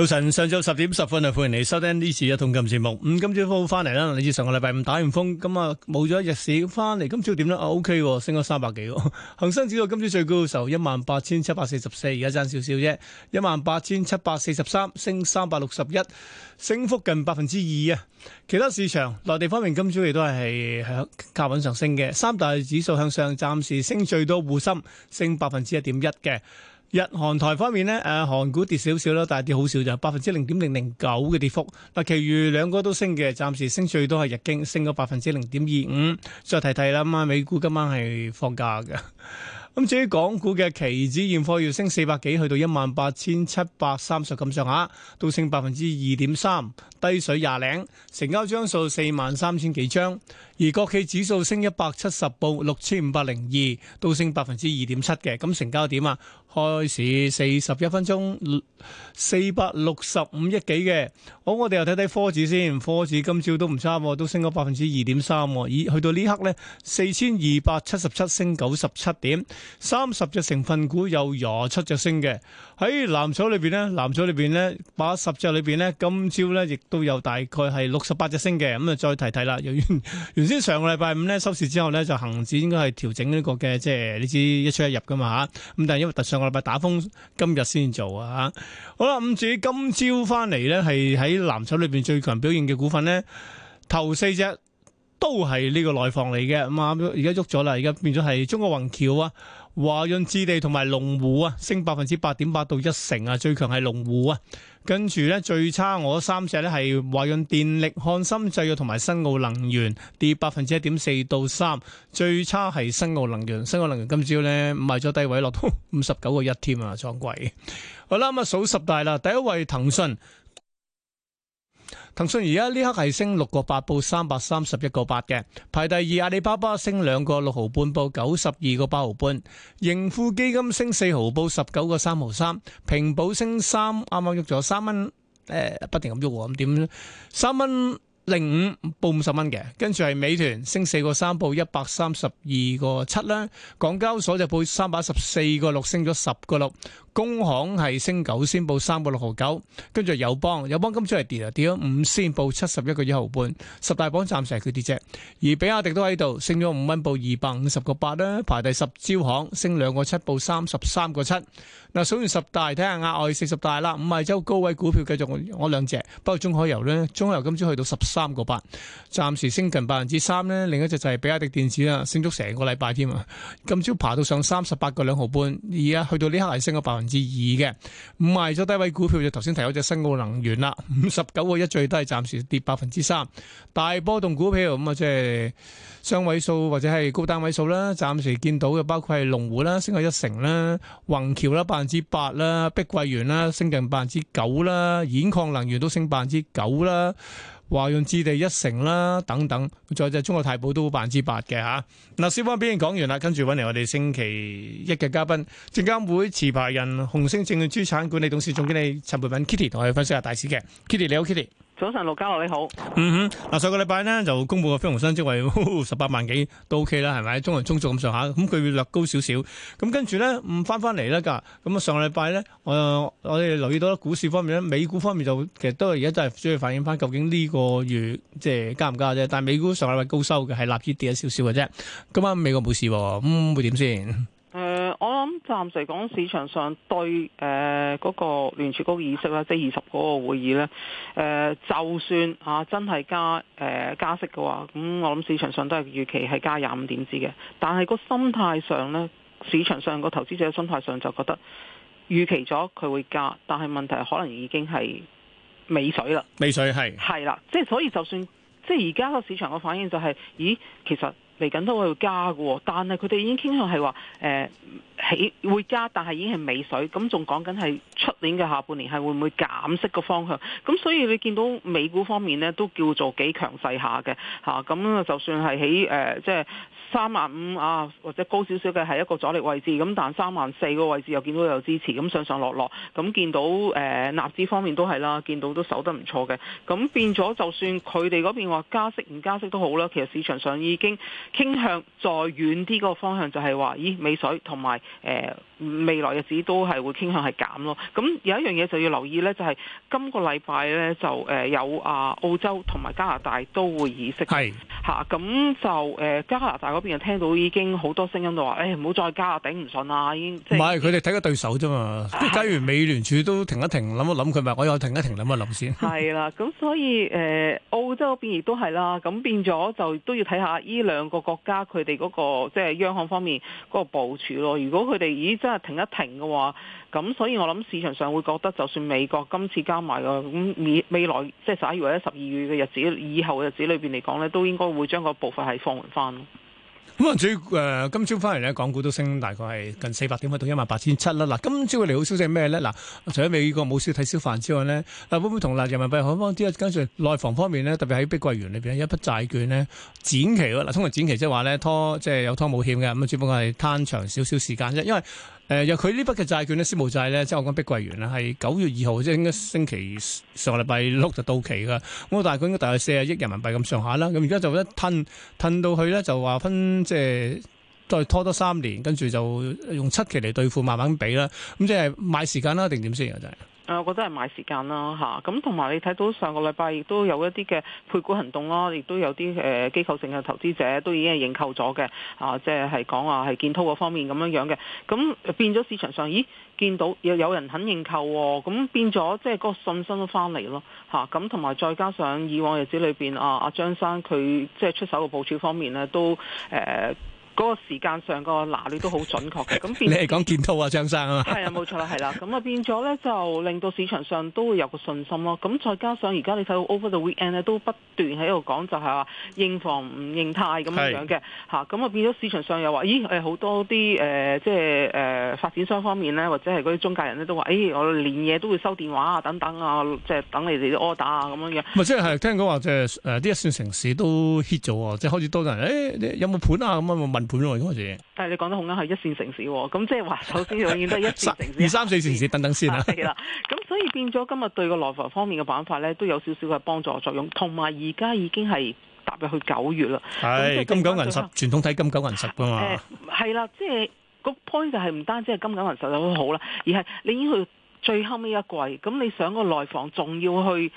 早晨，上晝十點十分啊，歡迎嚟收聽呢次嘅《一桶金》節目。咁今朝風翻嚟啦，你知上個禮拜五打完風，咁啊冇咗一日市翻嚟，今朝點咧？啊，O K，升咗三百幾。恒生指數今朝最高嘅時候一萬八千七百四十四，而家爭少少啫，一萬八千七百四十三，升三百六十一，升幅近百分之二啊。其他市場內地方面，今朝亦都係響靠穩上升嘅，三大指數向上，暫時升最多，滬深升百分之一點一嘅。日、韓、台方面咧，誒，韓股跌少少啦，但係跌好少就百分之零點零零九嘅跌幅。嗱，其餘兩個都升嘅，暫時升最多係日經，升咗百分之零點二五。再提提啦，咁啊，美股今晚係放假嘅。咁至於港股嘅期指現貨，要升四百幾，去到一萬八千七百三十咁上下，都升百分之二點三，低水廿零，成交張數四萬三千幾張。而國企指數升一百七十報，六千五百零二，都升百分之二點七嘅。咁成交點啊？開市四十一分鐘，四百六十五億幾嘅，好我哋又睇睇科指先，科指今朝都唔差，都升咗百分之二點三，咦去到呢刻呢，四千二百七十七升九十七點，三十隻成分股有廿七隻升嘅。喺藍籌裏邊咧，藍籌裏邊咧，八十隻裏邊咧，今朝咧亦都有大概係六十八隻升嘅，咁啊再提提啦。原原先上個禮拜五咧收市之後咧，就恆指應該係調整呢個嘅，即係你知一出一入噶嘛嚇。咁但係因為特上個禮拜打風，今日先做啊。好啦，咁至於今朝翻嚟咧，係喺藍籌裏邊最強表現嘅股份咧，頭四隻都係呢個內房嚟嘅，咁啊而家喐咗啦，而家變咗係中國宏橋啊。華潤置地同埋龍湖啊，升百分之八點八到一成啊，1, 最強係龍湖啊。跟住咧最差我三隻咧係華潤電力、漢森製藥同埋新奧能源，跌百分之一點四到三，3, 最差係新奧能源。新奧能源今朝咧賣咗低位落到五十九個一添啊，莊貴。好啦，咁啊數十大啦，第一位騰訊。騰訊騰訊而家呢刻係升六個八，報三百三十一個八嘅，排第二。阿里巴巴升兩個六毫半，報九十二個八毫半。盈富基金升四毫，報十九個三毫三。平保升三，啱啱喐咗三蚊，誒、呃，不停咁喐，咁點咧？三蚊。零五報五十蚊嘅，跟住係美團升四個三報一百三十二個七啦，港交所就報三百十四個六升咗十個六，工行係升九先報三個六毫九，跟住友邦，友邦今朝係跌啊，跌咗五先報七十一個一毫半，十大榜暫時係佢跌啫，而比亞迪都喺度升咗五蚊報二百五十個八啦，排第十招行升兩個七報三十三個七，嗱，數完十大睇下額外四十大啦，五係周高位股票繼續我兩隻，不過中海油呢，中海油今朝去到十三。三個八，暫時升近百分之三呢另一隻就係比亞迪電子啦，升咗成個禮拜添啊！今朝爬到上三十八個兩毫半，而家去到呢刻係升咗百分之二嘅。賣咗低位股票就頭先提咗隻新奧能源啦，五十九個一，最低暫時跌百分之三。大波動股票，咁啊，即係雙位數或者係高單位數啦，暫時見到嘅包括係龍湖啦，升咗一成啦，宏橋啦百分之八啦，碧桂園啦升近百分之九啦，兗礦能源都升百分之九啦。華潤置地一成啦，等等，再就中國太保都百分之八嘅吓。嗱，小方表演講完啦，跟住揾嚟我哋星期一嘅嘉賓，證監會持牌人紅星證券資產管理董事總經理陳培敏 Kitty 同我哋分析下大市嘅。Kitty 你好 Kitty。早晨，陸家樂你好。嗯哼，嗱，上個禮拜呢，就公布個非農新職位 十八萬幾都 O K 啦，係咪？中銀中俗咁上下，咁佢會略高少少。咁跟住咧，唔翻翻嚟咧，噶咁啊，上個禮拜咧，誒，我哋留意到股市方面咧，美股方面就其實都而家都係主要反映翻究竟呢個月即係加唔加啫。但係美股上個禮拜高收嘅，係納指跌咗少少嘅啫。今晚美國冇事，咁、嗯、會點先？嗯我諗暫時嚟講，市場上對誒嗰、呃那個聯儲局議息啦，即係二十嗰個會議咧，誒、呃、就算啊真係加誒、呃、加息嘅話，咁我諗市場上都係預期係加廿五點子嘅。但係個心態上呢，市場上個投資者心態上就覺得預期咗佢會加，但係問題可能已經係尾水啦。尾水係係啦，即係所以就算即係而家個市場嘅反應就係、是，咦，其實。嚟緊都會加嘅，但係佢哋已經傾向係話，誒起會加，但係已經係尾水，咁仲講緊係出年嘅下半年係會唔會減息個方向，咁所以你見到美股方面呢，都叫做幾強勢下嘅，吓，咁就算係喺誒即係。三萬五啊，或者高少少嘅係一個阻力位置。咁，但三萬四個位置又見到有支持，咁上上落落咁見到誒、呃、納指方面都係啦，見到都守得唔錯嘅。咁變咗，就算佢哋嗰邊話加息唔加息都好啦，其實市場上已經傾向再遠啲個方向，就是，就係話咦美水同埋誒未來日子都係會傾向係減咯。咁有一樣嘢就要留意呢，就係、是、今個禮拜呢，就誒有啊澳洲同埋加拿大都會議息，係吓，咁就誒、呃、加拿大、那。個邊又聽到已經好多聲音，就話誒唔好再加啊，頂唔順啊，已經唔係佢哋睇個對手啫嘛。假如美聯儲都停一停，諗一諗，佢咪我又停一停諗一諗先。係啦，咁所以誒、呃，澳洲邊亦都係啦，咁變咗就都要睇下呢兩個國家佢哋嗰個即係、就是、央行方面嗰個部署咯。如果佢哋咦真係停一停嘅話，咁所以我諗市場上會覺得，就算美國今次加埋嘅咁未未來即係十一月或者十二月嘅日子以後嘅日子裏邊嚟講呢都應該會將個部分係放緩翻。咁啊，最誒、嗯呃、今朝翻嚟咧，港股都升大概係近四百點去到一萬八千七啦。嗱，今朝嘅利好消息係咩咧？嗱，除咗美國冇少睇消反之外咧，嗱會唔會同納人民幣兌方之外，跟住內房方面咧，特別喺碧桂園裏邊有一筆債券咧展期喎。嗱，通常展期呢即係話咧拖即係有拖冇欠嘅，咁啊只不過係攤長少少時間啫，因為。誒由佢呢筆嘅債券咧，私募債咧，即係我講碧桂園啦，係九月二號即係應該星期上個禮拜六就到期㗎。咁我大概應該大概四十億人民幣咁上下啦。咁而家就一褪褪到去咧，就話分即係再拖多三年，跟住就用七期嚟兌付，慢慢俾啦。咁即係買時間啦，定點先啊？真係。啊、我覺得係買時間啦，嚇咁同埋你睇到上個禮拜亦都有一啲嘅配股行動啦，亦都有啲誒、呃、機構性嘅投資者都已經係認購咗嘅，啊，即係係講話係建滔嗰方面咁樣樣嘅，咁、啊、變咗市場上，咦，見到又有人肯認購喎、哦，咁、啊、變咗即係嗰個信心都翻嚟咯，嚇咁同埋再加上以往日子裏邊啊，阿張生佢即係出手嘅部署方面呢，都誒。呃嗰個時間上個拿捏都好準確嘅，咁變 你係講建滔啊張生啊，係啊，冇錯啦，係啦，咁啊變咗咧就令到市場上都會有個信心咯。咁再加上而家你睇到 Over the Weekend 咧，都不斷喺度講就係話認房唔認貸咁樣嘅，嚇咁啊變咗市場上又話，咦誒好多啲誒即係誒發展商方面咧，或者係嗰啲中介人咧都話，誒、欸、我連夜都會收電話啊等等啊，即、就、係、是、等你哋啲 order 啊咁樣嘅。咪 即係係聽講話即係誒啲一線城市都 hit 咗，即係開始多人誒、欸、有冇盤啊咁冇問。本但係你講得好啱，係一線城市喎、啊。咁即係話，首先永遠都係一線城市、 三二三四線城市等等先啦、啊。係啦。咁所以變咗今日對個內房方面嘅辦法咧，都有少少嘅幫助作用。同埋而家已經係踏入去九月啦。係的金九銀十，後傳統睇金九銀十噶嘛。係啦，即、就、係、是那個 point 就係唔單止係金九銀十就好啦，而係你已經去最後尾一季，咁你想個內房仲要去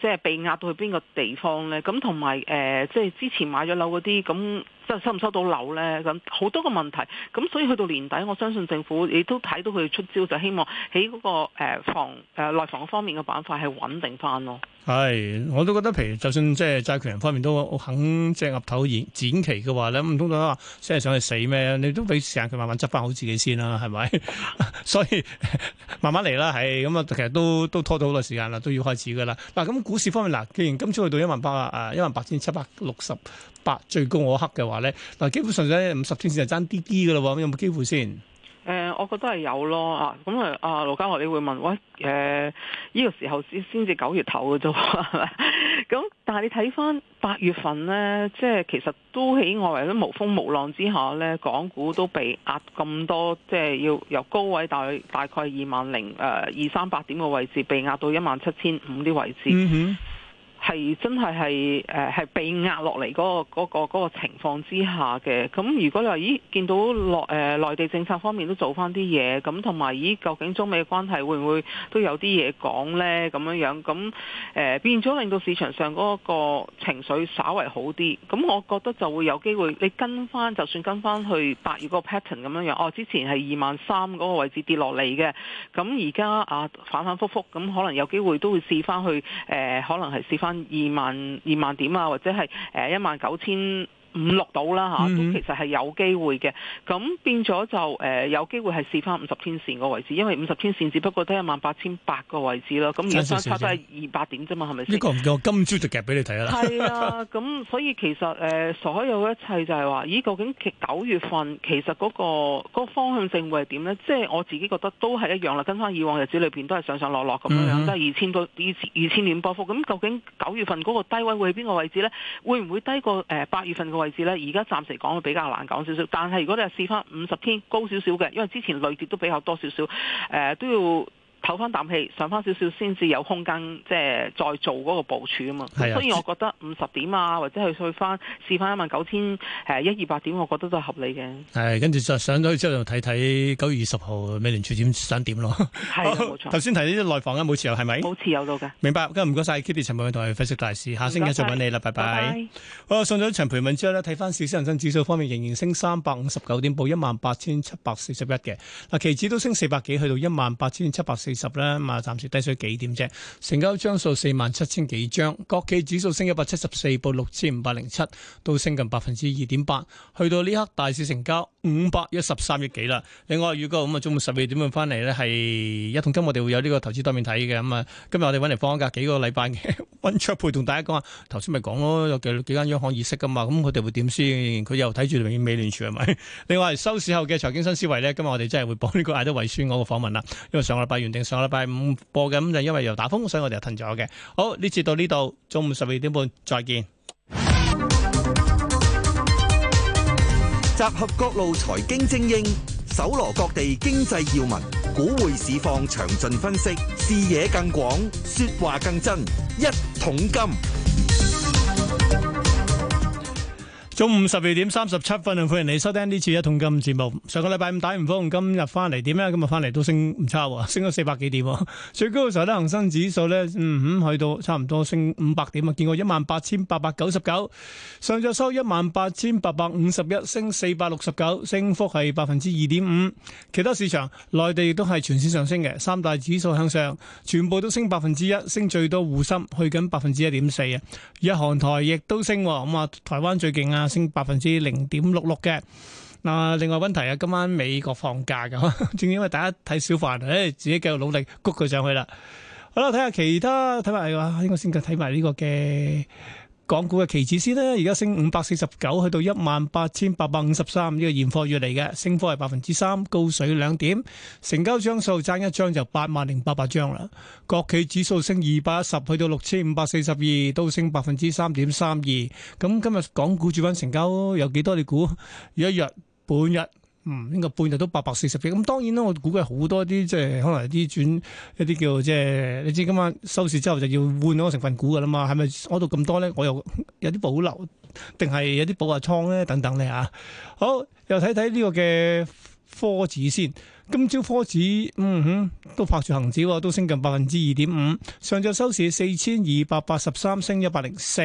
即係、就是、被壓到去邊個地方咧？咁同埋誒，即、呃、係、就是、之前買咗樓嗰啲咁。即收唔收到樓咧，咁好多個問題。咁所以去到年底，我相信政府亦都睇到佢出招，就希望喺嗰個誒房誒內房方面嘅板塊係穩定翻咯。係，我都覺得譬如就算即債權人方面都肯即借鴨頭展期嘅話咧，唔通話即係想去死咩？你都俾時間佢慢慢執翻好自己先啦、啊，係咪？ 所以慢慢嚟啦，係咁啊，其實都都拖咗好耐時間啦，都要開始噶啦。嗱，咁股市方面嗱，既然今朝去到一萬八啊，一萬八千七百六十。百最高嗰刻嘅話呢，嗱基本上咧五十天線就爭啲啲嘅噶啦，有冇機會先？誒、呃，我覺得係有咯啊，咁啊啊羅嘉樂你會問，喂，誒、呃、呢、這個時候先至九月頭嘅啫，咁 但係你睇翻八月份呢，即係其實都喺外圍都無風無浪之下呢，港股都被壓咁多，即係要由高位大大概二萬零誒二三百點嘅位，位置，被壓到一萬七千五啲位置。係真係係誒係被壓落嚟嗰個嗰個嗰個情況之下嘅。咁如果你話咦見到內誒、呃、內地政策方面都做翻啲嘢，咁同埋咦究竟中美嘅關係會唔會都有啲嘢講呢？咁樣樣咁誒變咗令到市場上嗰個情緒稍為好啲。咁我覺得就會有機會你跟翻，就算跟翻去八月嗰個 pattern 咁樣樣。哦，之前係二萬三嗰個位置跌落嚟嘅。咁而家啊反反覆覆咁，可能有機會都會試翻去誒、呃，可能係試翻。二萬二萬點啊，或者係誒一萬九千。五六到啦吓，咁、啊、其實係有機會嘅。咁、嗯、變咗就誒、呃、有機會係試翻五十天線個位置，因為五十天線只不過得一萬八千八個位置咯。咁、嗯、而家相差都係二百點啫嘛，係咪先？呢個唔夠，今朝就夾俾你睇啦。係啊，咁所以其實誒、呃、所有一切就係話，咦？究竟九月份其實嗰、那個那個那個方向性會係點呢？即、就、係、是、我自己覺得都係一樣啦。跟翻以往日子裏邊都係上上落落咁樣樣，即係二千多、二千二千點波幅。咁究竟九月份嗰個低位會喺邊個位置呢？會唔會低過誒八月份嘅？位置咧，而家暫時講會比較難講少少，但係如果你係試翻五十天高少少嘅，因為之前累跌都比較多少少，誒、呃、都要。唞翻啖氣，上翻少少先至有空間，即係再做嗰個部署啊嘛。所以我覺得五十點啊，或者去去翻試翻一萬九千誒一二百點，我覺得都係合理嘅。係、嗯啊，跟住就上咗去之後就看看，就睇睇九月二十號美聯儲點想點咯。係冇錯。頭先提呢啲內房啊，冇持有係咪？冇持有到嘅。明白，今日唔該晒 Kitty 陳培敏同埋分析大師，下星期再揾你啦，拜拜。You, bye bye 好，上咗一培盤之後呢，睇翻市恒生指數方面仍然升三百五十九點，報一萬八千七百四十一嘅。嗱，期指都升四百幾，去到一萬八千七百四二十咧，咁啊、嗯，暫時低水幾點啫？成交張數四萬七千幾張，國企指數升一百七十四，報六千五百零七，都升近百分之二點八。去到呢刻大市成交五百一十三億幾啦。另外預告咁啊，中午十二點半翻嚟呢，係一桶金我哋會有呢個投資對面睇嘅。咁、嗯、啊，今日我哋揾嚟放假幾個禮拜嘅溫卓培同大家講下。頭先咪講咯，有幾間央行議息噶嘛，咁佢哋會點先？佢又睇住美美聯儲係咪？另外收市後嘅財經新思維呢，今日我哋真係會播呢、這個艾德維宣嗰個訪問啦，因為上個禮拜上個禮拜五播嘅，咁就因為又打風，所以我哋又停咗嘅。好，呢次到呢度，中午十二點半再見。集合各路財經精英，搜羅各地經濟要聞，股匯市況詳盡分析，視野更廣，說話更真，一桶金。中午十二點三十七分啊，歡迎你收聽呢次一桶金節目。上個禮拜五打完風，今日翻嚟點啊？今日翻嚟都升唔差，升咗四百幾點。最高嘅時候咧，恒生指數咧，嗯去到，嗯、差唔多升五百點啊，見過一萬八千八百九十九，上晝，收一萬八千八百五十一，升四百六十九，升幅係百分之二點五。其他市場，內地亦都係全線上升嘅，三大指數向上，全部都升百分之一，升最多滬深去緊百分之一點四啊。日韓台亦都升，咁啊台灣最勁啊！升百分之零點六六嘅，嗱，另外溫提啊，今晚美國放假噶，正因為大家睇小凡，誒，自己繼續努力，谷佢上去啦。好啦，睇下其他，睇埋哇，應該先嘅睇埋呢個嘅。港股嘅期指先呢，而家升五百四十九，去到一萬八千八百五十三，呢個現貨月嚟嘅，升幅係百分之三，高水兩點，成交張數爭一張就八萬零八百張啦。國企指數升二百一十，去到六千五百四十二，都升百分之三點三二。咁今日港股主板成交有幾多？你估一日本日？嗯，應該半日都八百四十億。咁當然啦，我估計好多啲即係可能啲轉一啲叫即係，你知今晚收市之後就要換嗰成分股噶啦嘛？係咪攞到咁多咧？我又有啲保留，定係有啲保下倉咧？等等你吓。好，又睇睇呢個嘅科指先。今朝科指，嗯哼，都拍住恒指，都升近百分之二點五。上晝收市四千二百八十三升一百零四，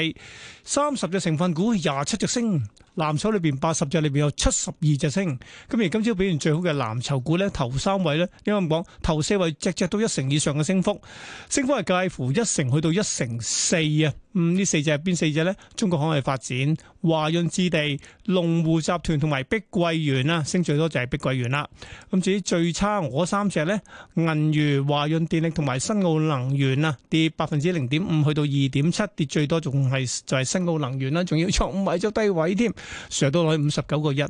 三十隻成分股廿七隻升。藍籌裏面八十隻裏面有七十二隻升，咁而今朝表現最好嘅藍籌股呢，頭三位呢，因為我講頭四位隻隻都一成以上嘅升幅，升幅係介乎一成去到一成四啊。嗯，四四呢四隻變四隻咧，中國海系發展華潤置地、龍湖集團同埋碧桂園啊，升最多就係碧桂園啦。咁至於最差我三隻咧，銀譽、華潤電力同埋新奧能源啊，跌百分之零點五，去到二點七，跌最多仲係就係新奧能源啦，仲要創位咗低位添，上到攞五十九個一啊。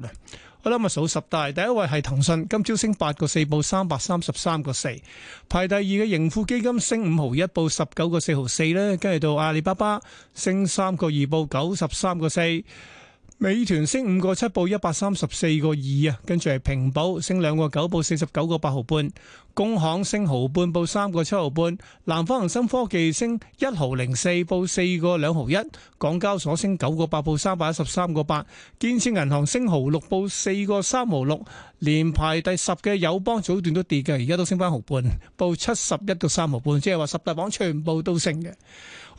我諗咪數十大，第一位係騰訊，今朝升八個四，報三百三十三個四。排第二嘅盈富基金升五毫一，報十九個四毫四咧。跟住到阿里巴巴升三個二，報九十三個四。美團升五個七，報一百三十四個二啊。跟住係平保升兩個九，報四十九個八毫半。工行升毫半，報三個七毫半；南方恒生科技升一毫零四，報四個兩毫一；港交所升九個八，報三百一十三個八；建設銀行升毫六，報四個三毫六。連排第十嘅友邦早段都跌嘅，而家都升翻毫半，報七十一到三毫半，即係話十大榜全部都升嘅。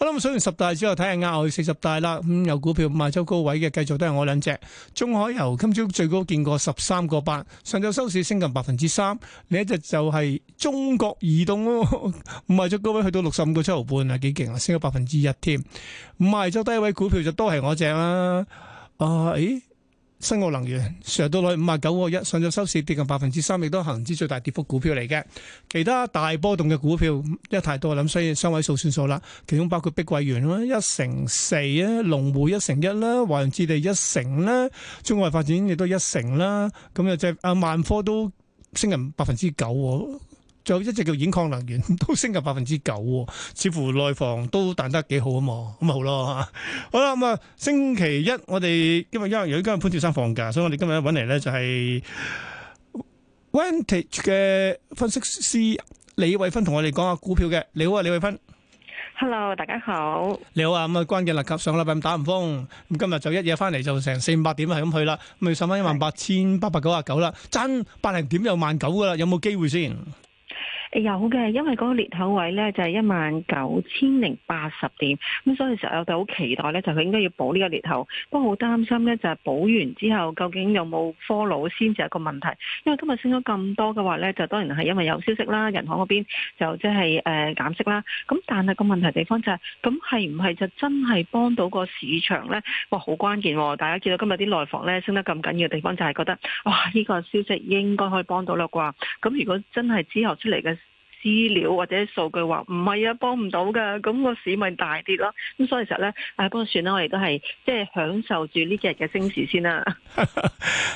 好啦，咁完十大之後睇下另外四十大啦，咁、 嗯、有股票賣咗高位嘅，繼續都係我兩隻。中海油今朝最高見過十三個八，上晝收市升近百分之三。另一隻就係中國移動咯、哦，賣咗高位去到六十五個七毫半啊，幾勁啊，升咗百分之一添。賣咗低位股票就都係我隻啦。啊，誒。新奧能源上到去五啊九個一，上咗收市跌近百分之三，亦都係恒指最大跌幅股票嚟嘅。其他大波動嘅股票一太多我諗，所以雙位數算數啦。其中包括碧桂園啦，一成四啊，龍湖一成一啦，華潤置地一成啦，中華發展亦都一成啦。咁啊，即係啊萬科都升緊百分之九。就一隻叫演抗能源都升近百分之九，似乎內房都彈得幾好啊嘛，咁咪好咯。好啦，咁啊星期一我哋因為因由於今日潘少生放假，所以我哋今日揾嚟咧就係、是、Vantage 嘅分析師李慧芬同我哋講下股票嘅。你好啊，李慧芬。Hello，大家好。你好啊，咁啊，關鍵立及上個禮拜咁打唔封，咁今日就一夜翻嚟就成四五百點係咁去啦，咪上翻一萬八千八百九十九啦，爭八零點又萬九噶啦，有冇機會先？嗯有嘅，因為嗰個裂口位呢就係一萬九千零八十點，咁所以其實我哋好期待呢，就佢、是、應該要補呢個裂口。不過好擔心呢，就係、是、補完之後究竟有冇 follow 先就係一個問題。因為今日升咗咁多嘅話呢，就當然係因為有消息啦，銀行嗰邊就即係誒減息啦。咁但係個問題地方就係、是，咁係唔係就真係幫到個市場呢？哇，好關鍵、哦！大家見到今日啲內房呢，升得咁緊要嘅地方，就係覺得哇，呢、這個消息應該可以幫到啦啩。咁如果真係之後出嚟嘅，資料或者數據話唔係啊，幫唔到㗎，咁、嗯、個市咪大跌咯。咁、嗯、所以其實咧，唉，不過算啦，我哋都係即係享受住呢幾日嘅升市先啦。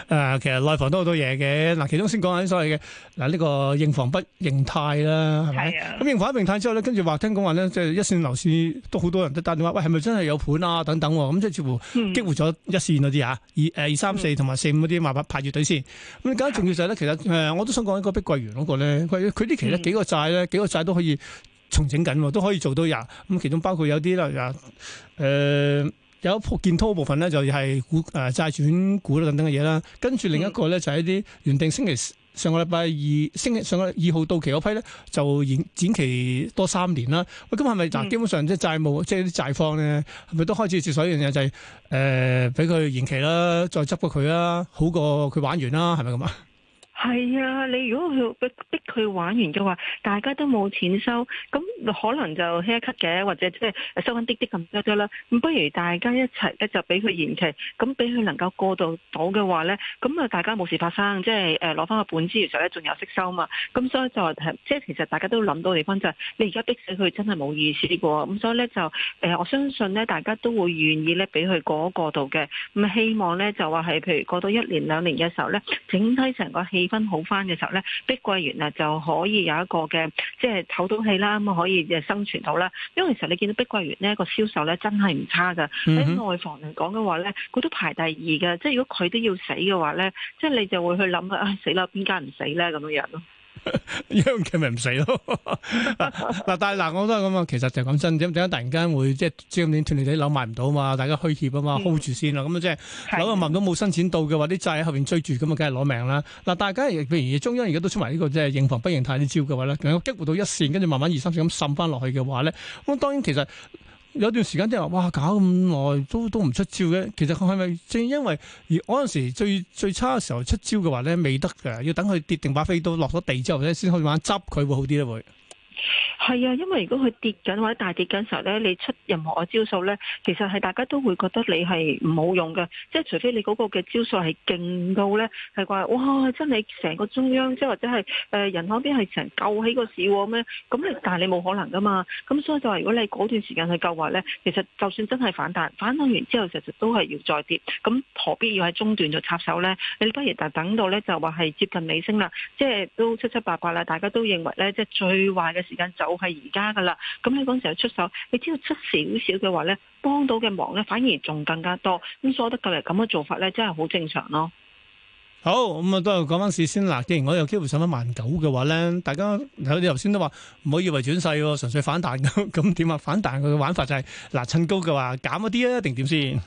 誒 、啊，其實內房都好多嘢嘅，嗱，其中先講下啲所謂嘅嗱，呢、這個認房不認貸啦，係咪？係啊。咁認房不認貸之後咧，跟住話聽講話咧，即係一線樓市都好多人都打電話，喂，係咪真係有盤啊？等等，咁、啊、即係似乎激活咗一線嗰啲嚇，二誒、嗯、二,二三四同埋四五啲麻麻排住隊先。咁、啊、更加重要就係、是、咧，其實我都想講喺個碧桂園嗰個咧，佢啲其實幾個。債咧幾個債都可以重整緊，都可以做到廿咁，其中包括有啲咧，誒、呃、有僕建通部分咧，就係股誒債轉股等等嘅嘢啦。跟住另一個咧，就係啲原定星期上個禮拜二，星期上個二號到期嗰批咧，就延展期多三年啦。喂，咁係咪嗱？嗯、基本上即係債務，即係啲債方咧，係咪都開始接受一樣嘢，就係誒俾佢延期啦，再執過佢啦，好過佢玩完啦，係咪咁啊？係啊，你如果佢逼佢玩完嘅話，大家都冇錢收，咁可能就 haircut 嘅，或者即係收翻啲啲咁多咗啦。咁不如大家一齊咧就俾佢延期，咁俾佢能夠過渡到嘅話咧，咁啊大家冇事發生，即係誒攞翻個本之餘，上咧仲有息收嘛。咁所以就係即係其實大家都諗到地方就係，你而家逼死佢真係冇意思嘅喎。咁所以咧就誒，我相信咧大家都會願意咧俾佢過一過嘅。咁希望咧就話係譬如過到一年兩年嘅時候咧，整體成個氣分好翻嘅時候呢，碧桂園啊，就可以有一個嘅即係透到氣啦，咁啊可以生存到啦。因為其實你見到碧桂園呢個銷售呢，真係唔差噶，喺內房嚟講嘅話呢，佢都排第二噶。即係如果佢都要死嘅話呢，即係你就會去諗嘅，啊死啦邊間唔死呢？」咁樣樣咯。央企咪唔死咯，嗱、 啊，但係嗱、啊，我都係咁啊，其實就咁真點點解突然間會即係今年斷你啲樓賣唔到嘛，大家虛怯啊嘛，hold 住先啦，咁啊即係樓又問到冇新錢到嘅話，啲債喺後邊追住，咁啊梗係攞命啦。嗱、啊，大家譬如中央而家都出埋呢、這個即係認房不認貸啲招嘅話咧，如果激活到一線，跟住慢慢二三線咁滲翻落去嘅話咧，咁當然其實。有段時間即係話，哇！搞咁耐都都唔出招嘅。其實佢係咪正因為而嗰陣時最最差嘅時候出招嘅話咧，未得㗎，要等佢跌定把飛刀落咗地之後咧，先可以玩執佢會好啲咧會。係啊，因為如果佢跌緊或者大跌緊時候咧，你出任何嘅招數咧，其實係大家都會覺得你係唔好用嘅，即係除非你嗰個嘅招數係勁到咧，係話哇真係成個中央即係或者係誒、呃、人口邊係成救起個市咁、啊、咧，咁你但係你冇可能噶嘛，咁所以就係如果你嗰段時間去救話咧，其實就算真係反彈，反彈完之後其實實都係要再跌，咁何必要喺中段就插手咧？你不如呢就等到咧就話係接近尾聲啦，即係都七七八八啦，大家都認為咧即係最壞嘅時間。就係而家噶啦，咁你嗰陣時候出手，你只要出少少嘅話咧，幫到嘅忙咧反而仲更加多，咁所以我覺得今日咁嘅做法咧，真係好正常咯。好，咁啊都係講翻市先啦。既然我有機會上翻萬九嘅話咧，大家有啲頭先都話唔好以為轉勢，純粹反彈咁，咁 點啊？反彈佢嘅玩法就係、是、嗱，趁高嘅話減一啲啊，定點先？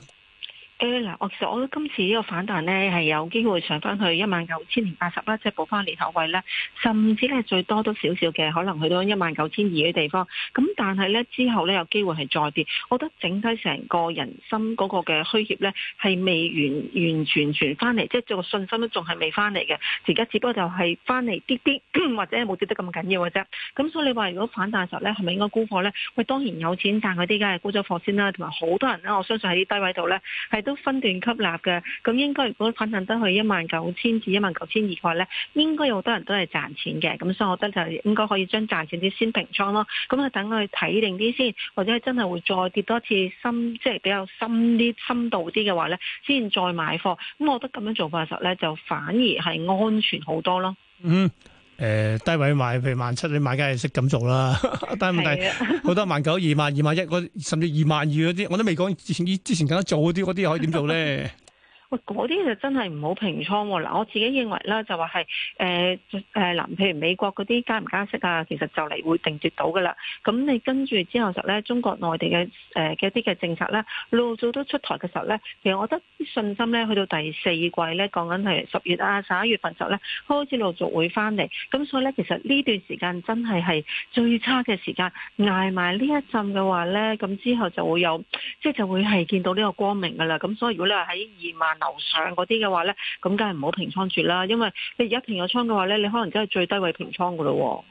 嗱，我其實我覺得今次呢個反彈呢，係有機會上翻去一萬九千零八十啦，即係補翻年頭位咧，甚至咧最多都少少嘅，可能去到一萬九千二嘅地方。咁但係呢，之後呢，有機會係再跌，我覺得整體成個人心嗰個嘅虛怯呢，係未完完全全翻嚟，即係個信心都仲係未翻嚟嘅。而家只不過就係翻嚟啲啲，或者冇跌得咁緊要嘅啫。咁所以你話如果反彈時候呢，係咪應該沽貨呢？喂，當然有錢賺嗰啲梗係沽咗貨先啦，同埋好多人呢，我相信喺啲低位度呢。係。都分段吸納嘅，咁應該如果反彈得去一萬九千至一萬九千二個呢，應該有好多人都係賺錢嘅，咁所以我覺得就係應該可以將賺錢啲先平倉咯，咁啊等佢睇定啲先，或者真係會再跌多次深，即係比較深啲、深度啲嘅話呢，先再買貨，咁我覺得咁樣做法嘅時候呢，就反而係安全好多咯。嗯。誒，低位買，譬如萬七你買，梗係識咁做啦。但係問題好 對的 多萬九、二萬、二萬一，甚至二萬二嗰啲，我都未講。之前之前更加早嗰啲，嗰啲可以點做咧？ 喂，嗰啲就真係唔好平倉喎！嗱，我自己認為咧，就話係誒誒，嗱、呃，譬、呃、如美國嗰啲加唔加息啊，其實就嚟會定奪到嘅啦。咁你跟住之後就咧，中國內地嘅誒嘅一啲嘅政策咧，陸續都出台嘅時候咧，其實我覺得啲信心咧，去到第四季咧，講緊係十月啊十一月份就咧開始陸續會翻嚟。咁所以咧，其實呢段時間真係係最差嘅時間，挨埋呢一陣嘅話咧，咁之後就會有即係、就是、就會係見到呢個光明嘅啦。咁所以如果你話喺二萬，樓上嗰啲嘅話咧，咁梗係唔好平倉住啦，因為你而家平咗倉嘅話咧，你可能真係最低位平倉噶咯。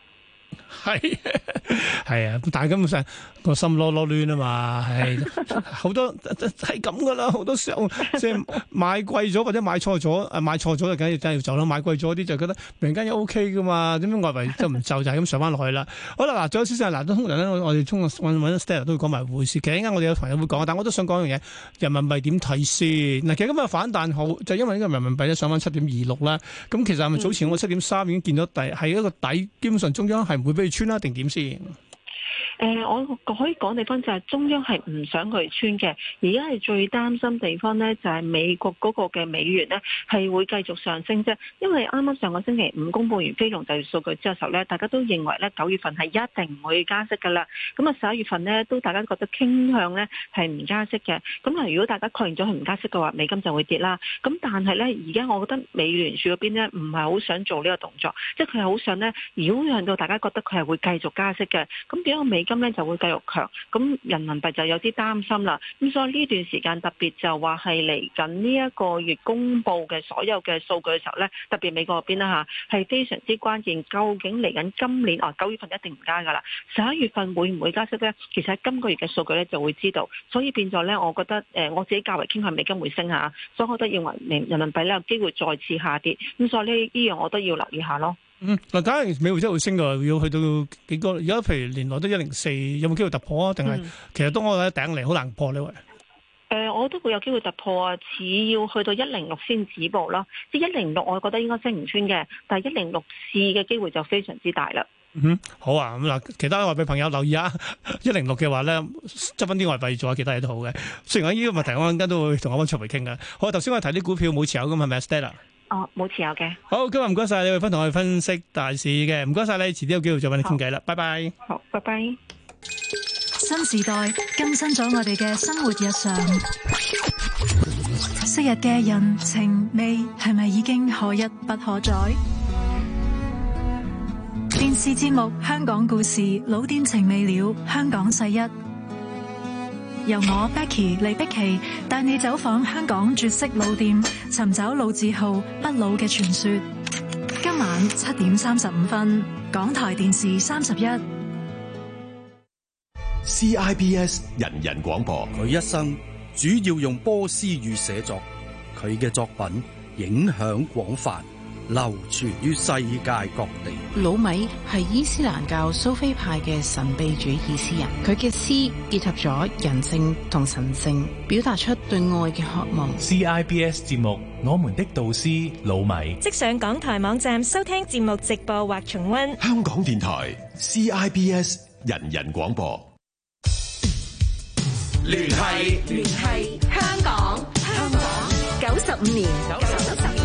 係，係啊是， 但係根本上個心囉囉攣啊嘛，唉，好 多係咁噶啦，好多時候即係買貴咗或者買錯咗，啊買錯咗就梗係係要走啦，買貴咗啲就覺得突然間又 O K 噶嘛，點解外圍都唔就就係咁、就是、上翻落去啦？好啦，嗱，仲有消息嗱，通常咧我中國我哋通過搵搵 s t e p 都會講埋匯市，其實一陣間我哋有朋友會講，但我都想講一樣嘢，人民幣點睇先？嗱，其實今日反彈好就是、因為呢個人民幣咧上翻七點二六啦，咁其實係咪早前我七點三已經見到底，係一個底，基本上中央係。會俾佢穿啦，定點先？誒、呃，我可以講地方就係中央係唔想佢穿嘅，而家係最擔心地方呢，就係美國嗰個嘅美元呢係會繼續上升啫。因為啱啱上個星期五公布完非農就業數據之後呢，大家都認為呢九月份係一定唔會加息㗎啦。咁啊十一月份呢，都大家覺得傾向呢係唔加息嘅。咁啊如果大家確認咗佢唔加息嘅話，美金就會跌啦。咁但係呢，而家我覺得美聯儲嗰邊呢唔係好想做呢個動作，即係佢係好想呢，如果讓到大家覺得佢係會繼續加息嘅。咁點解美？今金咧就會繼續強，咁人民幣就有啲擔心啦。咁所以呢段時間特別就話係嚟緊呢一個月公布嘅所有嘅數據嘅時候咧，特別美國嗰邊啦嚇，係非常之關鍵。究竟嚟緊今年啊九月份一定唔加㗎啦，十一月份會唔會加息咧？其實今個月嘅數據咧就會知道。所以變咗咧，我覺得誒我自己較為傾向美金會升下。所以我覺得認為人民幣咧有機會再次下跌。咁所以咧呢樣我都要留意下咯。嗯，嗱，假如美匯真係會升嘅，要去到幾多？而家譬如連落都一零四，有冇機會突破啊？定係、嗯、其實當我睇頂嚟，好難破呢位。誒、呃，我都會有機會突破啊！只要去到一零六先止步啦，即係一零六，我覺得應該升唔穿嘅。但係一零六試嘅機會就非常之大啦、嗯。好啊，咁、嗯、嗱，其他外幣朋友留意啊，一零六嘅話咧，執翻啲外幣做下其他嘢都好嘅。雖然喺呢個問題，我陣間都會同阿温灼培傾嘅。好、啊，頭先我提啲股票冇持有咁係咪？Stella。是哦，冇持有嘅。好，今日唔該晒你，偉芬同我哋分析大市嘅。唔該晒你，遲啲有機會再揾你傾偈啦，好拜拜。好，拜拜。新時代更新咗我哋嘅生活日常，昔日嘅人情味係咪已經可一不可再？電視節目《香港故事》，老店情未了，香港世一。由我 Becky 李碧琪帶你走訪香港絕色老店，尋找老字號不老嘅傳說。今晚七點三十五分，港台電視三十一，CIBS 人人廣播。佢一生主要用波斯語寫作，佢嘅作品影響廣泛，流傳於世界各地。老米係伊斯蘭教蘇菲派嘅神秘主義詩人，佢嘅詩結合咗人性同神性，表達出對愛嘅渴望。CIBS 節目我們的導師老米，即上港台網站收聽節目直播或重溫。香港電台 CIBS 人人廣播，聯繫聯繫香港香港九十五年九十五年。90.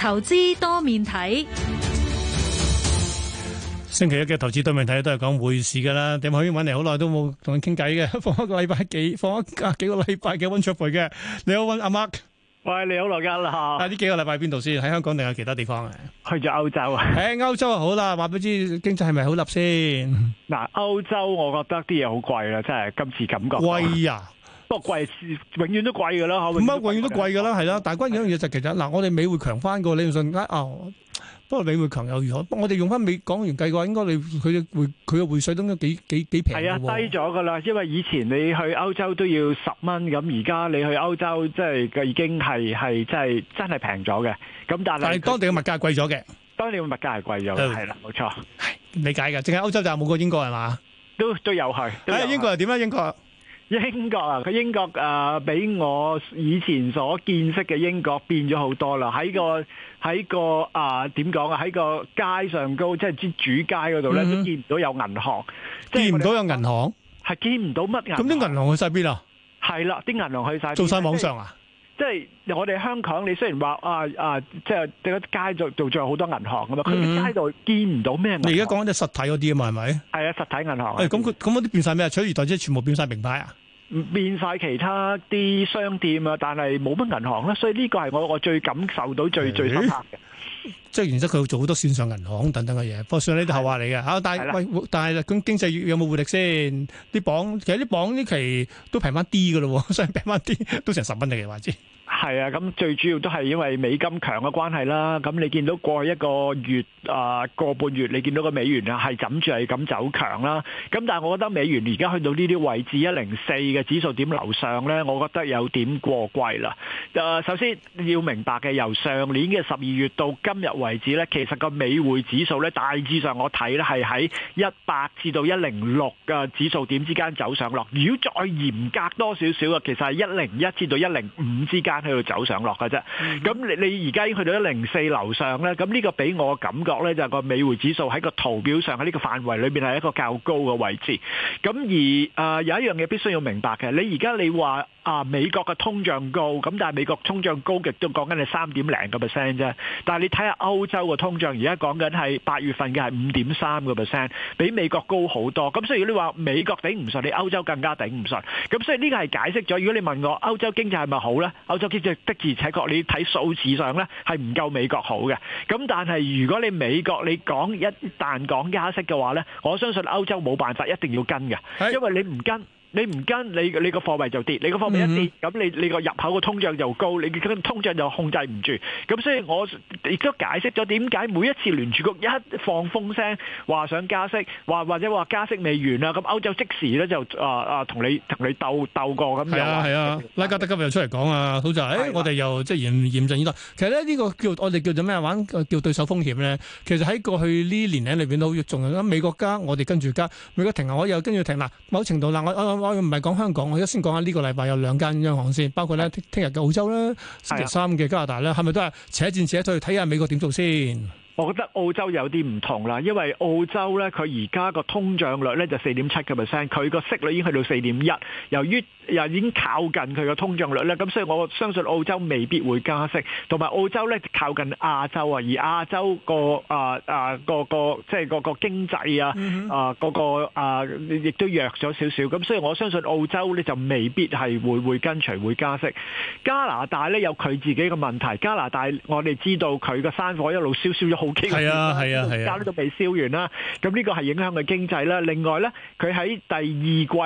投資多面睇，星期一嘅投資多面睇都係講會市噶啦。點可以揾嚟好耐都冇同佢傾偈嘅？放一個禮拜幾，放一個幾個禮拜嘅溫灼培嘅。你好，溫阿 Mark。喂，你好，羅家下。啊，呢幾個禮拜邊度先？喺香港定係其他地方啊？去咗歐洲啊？欸，喺歐洲啊好啦，話畀你知經濟係咪好立先？嗱，歐洲我覺得啲嘢好貴啦，真係今次感覺貴啊！不過貴，永遠都貴噶啦。咁啊，永遠都貴噶啦，係啦。但係關鍵一樣嘢，就其實嗱，我哋美匯強翻個你信啊。不過美匯強又如何？我哋用翻美港元計嘅話，應該你佢匯佢嘅匯水都應該幾幾幾平。係啊，低咗噶啦，因為以前你去歐洲都要十蚊，咁而家你去歐洲即係已經係係真係真係平咗嘅。咁但係但係當地嘅物價貴咗嘅，當地嘅物價係貴咗，係啦，冇錯，理解嘅。淨係歐洲就冇過英國係嘛？都都有去，英國又點啊？英國？英國啊，佢英國啊，俾我以前所見識嘅英國變咗好多啦！喺個喺個啊，點講啊？喺個街上高即係啲主街嗰度咧，都見唔到有銀行，見唔到有銀行，係見唔到乜銀行。咁啲銀行去曬邊啊？係啦，啲銀行去曬。做曬網上啊！即係我哋香港，你雖然話啊啊，即係對個街做做咗好多銀行噶、嗯嗯、嘛，佢啲街度見唔到咩？你而家講緊實體嗰啲啊嘛，係咪？係啊，實體銀行啊。咁佢咁嗰啲變晒咩啊？取而代之，全部變晒名牌啊？變晒其他啲商店啊，但係冇乜銀行啦。所以呢個係我我最感受到最、嗯、最深刻嘅。即係原則，佢會做好多線上銀行等等嘅嘢，不過上呢啲後話嚟嘅吓，但係的喂，但係咁經濟有冇活力先？啲榜其實啲榜呢期都平翻啲噶咯，所以平翻啲都成十蚊嘅嘅位置。係啊，咁最主要都係因為美金強嘅關係啦。咁你見到過去一個月啊、呃、個半月，你見到個美元啊係枕住係咁走強啦。咁但係我覺得美元而家去到呢啲位置一零四嘅指數點樓上呢，我覺得有點過貴啦。誒、呃，首先要明白嘅，由上年嘅十二月到今日為止呢，其實個美匯指數呢，大致上我睇呢係喺一百至到一零六嘅指數點之間走上落。如果再嚴格多少少嘅，其實係一零一至到一零五之間，喺度走上落嘅啫，咁你你而家已經去到一零四樓上咧，咁呢個俾我嘅感覺咧就係個美匯指數喺個圖表上喺呢個範圍裏邊係一個較高嘅位置，咁而誒、呃、有一樣嘢必須要明白嘅，你而家你話，啊！美國嘅通脹高，咁但係美國通脹高極都講緊係三點零個 percent 啫。但係你睇下歐洲嘅通脹，而家講緊係八月份嘅係五點三個 percent，比美國高好多。咁所以如果你話美國頂唔順，你歐洲更加頂唔順。咁所以呢個係解釋咗。如果你問我歐洲經濟係咪好呢？歐洲經濟的而且確，你睇數字上呢係唔夠美國好嘅。咁但係如果你美國你講一旦講加息嘅話呢，我相信歐洲冇辦法一定要跟嘅，因為你唔跟。你唔跟，你你個貨幣就跌，你個貨幣一跌，咁你你個入口個通脹就高，你個通脹就控制唔住。咁所以我亦都解釋咗點解每一次聯儲局一放風聲話想加息，話或者話加息未完啦，咁歐洲即時咧就啊啊同你同你鬥鬥過咁。係啊係啊，拉加德今日又出嚟講啊，好似話誒，我哋又即嚴嚴陣以待。其實咧呢個叫我哋叫做咩玩叫對手風險咧。其實喺過去呢年裏邊都好重要啦。美國加我哋跟住加，美國停落我又跟住停。嗱，某程度嗱我。我唔係講香港，我而家先講下呢個禮拜有兩間央行先，包括咧聽日嘅澳洲啦，星期三嘅加拿大啦，係咪的都係且戰且退？睇下美國點做先。我覺得澳洲有啲唔同啦，因為澳洲呢，佢而家個通脹率呢就四點七個 percent，佢個息率已經去到四點一，由於又已經靠近佢個通脹率呢，咁所以我相信澳洲未必會加息。同埋澳洲呢，靠近亞洲，亞洲啊，而亞洲個啊啊個個即係個個經濟啊啊嗰個啊亦、啊啊、都弱咗少少，咁所以我相信澳洲呢，就未必係會會跟隨會加息。加拿大呢，有佢自己嘅問題，加拿大我哋知道佢個山火一路燒燒係啊，係啊，係、啊，家都未消完啦。咁呢個係影響嘅經濟啦。另外呢，佢喺第二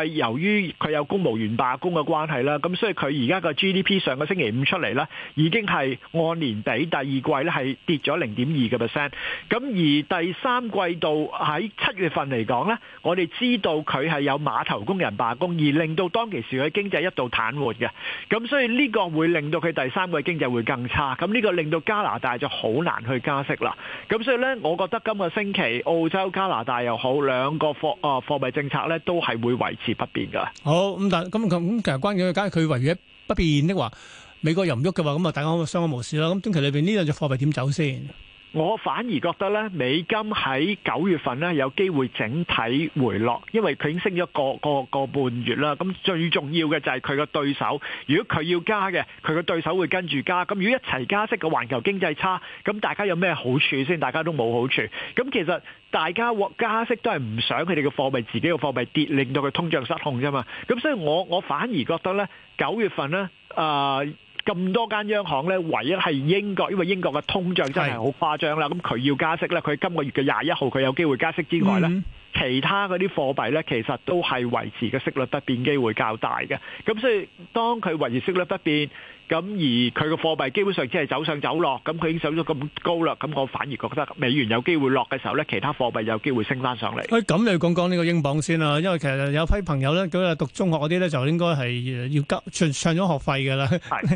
季，由於佢有公務員罷工嘅關係啦，咁所以佢而家個 GDP 上個星期五出嚟咧，已經係按年比第二季呢係跌咗零點二個 percent。咁而第三季度喺七月份嚟講呢，我哋知道佢係有碼頭工人罷工，而令到當其時佢經濟一度癱瘓嘅。咁所以呢個會令到佢第三季經濟會更差。咁呢個令到加拿大就好難去加息啦。咁所以咧，我覺得今個星期澳洲、加拿大又好，兩個貨啊、呃、貨幣政策咧都係會維持不變噶。好咁，但咁咁其實關鍵嘅，梗係佢維持不變的話，美國又唔喐嘅話，咁啊大家好相安無事啦。咁中期裏邊呢兩隻貨幣點走先？我反而覺得咧，美金喺九月份咧有機會整體回落，因為佢已經升咗個個個半月啦。咁最重要嘅就係佢個對手，如果佢要加嘅，佢個對手會跟住加。咁如果一齊加息，個環球經濟差，咁大家有咩好處先？大家都冇好處。咁其實大家加息都係唔想佢哋個貨幣自己個貨幣跌，令到佢通脹失控啫嘛。咁所以我我反而覺得呢，九月份呢。啊、呃。咁多間央行呢，唯一係英國，因為英國嘅通脹真係好誇張啦，咁佢的要加息呢，佢今個月嘅廿一號佢有機會加息之外呢，嗯、其他嗰啲貨幣呢，其實都係維持嘅息率不變機會較大嘅，咁所以當佢維持息率不變。咁而佢嘅貨幣基本上只係走上走落，咁佢已經上到咁高啦，咁我反而覺得美元有機會落嘅時候咧，其他貨幣有機會升翻上嚟。喂、哎，咁你講講呢個英鎊先啦，因為其實有批朋友咧，咁啊讀中學嗰啲咧就應該係要交唱唱咗學費㗎喇，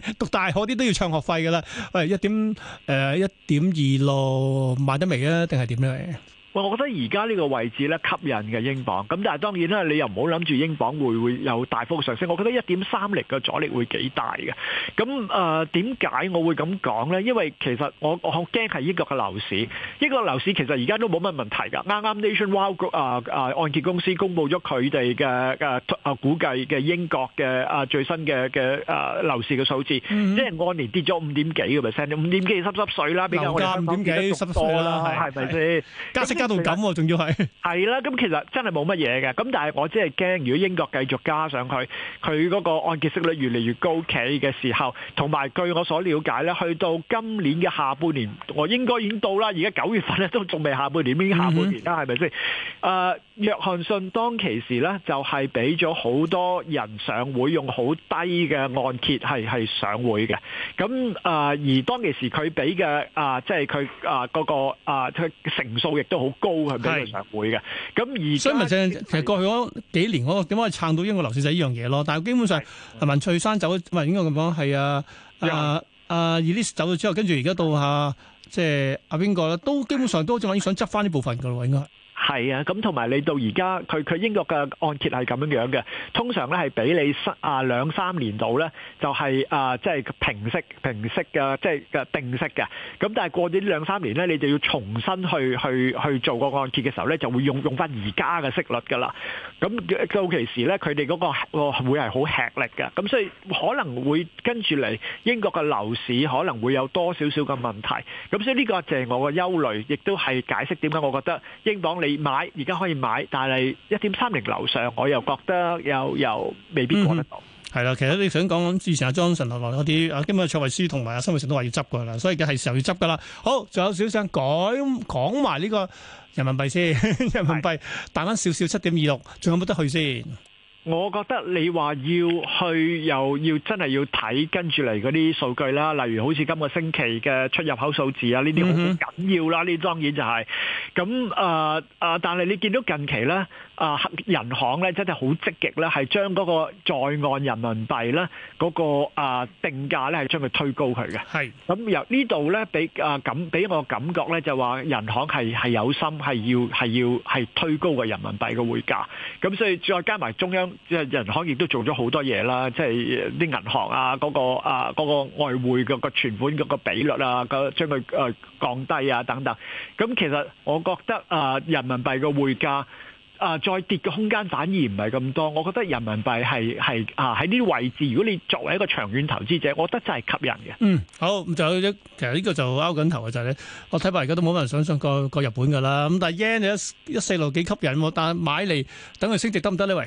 是 讀大學啲都要唱學費㗎喇。喂，一點誒一點二六買得未啊？定係點咧？我覺得而家呢個位置咧吸引嘅英鎊，咁但係當然啦，你又唔好諗住英鎊會會有大幅上升。我覺得一點三力嘅阻力會幾大嘅。咁誒點解我會咁講咧？因為其實我我好驚係英國嘅樓市，英國樓市其實而家都冇乜問題㗎。啱啱 Nationwide、呃、啊、呃、按揭公司公布咗佢哋嘅誒誒估計嘅英國嘅啊、呃、最新嘅嘅誒樓市嘅數字，嗯、即係按年跌咗五點幾嘅 percent，五點幾濕濕水啦，比較我哋今年跌得多啦，係咪先？咁喎，仲要係係啦，咁其實真係冇乜嘢嘅。咁但係我只係驚，如果英國繼續加上佢，佢嗰個按揭息率越嚟越高企嘅時候，同埋據我所瞭解咧，去到今年嘅下半年，我應該已經到啦。而家九月份咧都仲未下半年，已經下半年啦，係咪先？誒，約翰遜當其時咧，就係俾咗好多人上會，用好低嘅按揭係係上會嘅。咁誒，而當其時佢俾嘅誒，即係佢誒嗰個誒佢成數亦都好。好高係咪？佢上會嘅，咁而所以咪就其實過去嗰幾年，我點可以撐到英國樓市就依樣嘢咯？但係基本上，係文翠珊走，唔係應該咁講，係啊啊啊啊 Elise 走咗之後，跟住而家到下即係阿邊個咧，都基本上都好似話想執翻呢部分㗎咯喎，應該。係啊，咁同埋你到而家佢佢英國嘅按揭係咁樣樣嘅，通常咧係俾你三啊兩三年度咧，就係啊即係平息平息嘅即係嘅定息嘅。咁但係過咗呢兩三年咧，你就要重新去去去做個按揭嘅時候咧，就會用用返而家嘅息率噶啦。咁到其時咧，佢哋嗰個個會係好吃力嘅。咁所以可能會跟住嚟英國嘅樓市可能會有多少少嘅問題。咁所以呢個就係我嘅憂慮，亦都係解釋點解我覺得英鎊你。買而家可以買，但係一點三零樓上，我又覺得又又未必過得到。係啦、嗯，其實你想講之前阿 Johnson 嗰啲啊，今日卓慧思同埋阿辛偉誠都話要執噶啦，所以嘅係時候要執噶啦。好，仲有少想講講埋呢個人民幣先，人民幣大翻少少七點二六，仲是的 有冇得去先？我覺得你話要去又要真係要睇跟住嚟嗰啲數據啦，例如好似今個星期嘅出入口數字啊，呢啲好緊要啦。呢當然就係咁誒誒，但係你見到近期呢，啊人行呢真係好積極呢，係將嗰個在岸人民幣呢嗰個啊定價呢係將佢推高佢嘅。係咁由呢度呢俾啊感俾我感覺呢就話人行係係有心係要係要係推高個人民幣嘅匯價。咁所以再加埋中央。即係人行亦都做咗好多嘢啦，即係啲銀行啊，嗰個啊，嗰個外匯嘅個存款個個比率啊，個將佢誒降低啊，等等。咁其實我覺得啊，人民幣嘅匯價啊，再跌嘅空間反而唔係咁多。我覺得人民幣係係啊喺呢啲位置，如果你作為一個長遠投資者，我覺得真係吸引嘅。嗯，好咁，就有一其實呢個就拗緊頭嘅就係咧。我睇埋而家都冇乜人想信個個日本㗎啦。咁但係 yen 一一四六幾吸引，但係買嚟等佢升值得唔得呢？喂！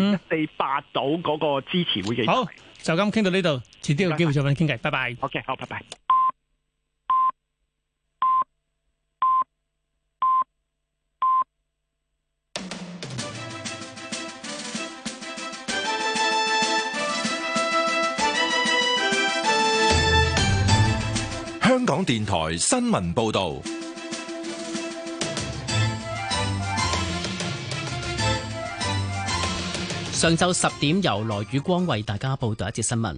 四八到嗰個支持會嘅，好就咁傾到呢度，遲啲有機會再搵你傾偈，拜拜。OK，好，拜拜。香港電台新聞報道。上晝十點，由來雨光為大家報道一節新聞。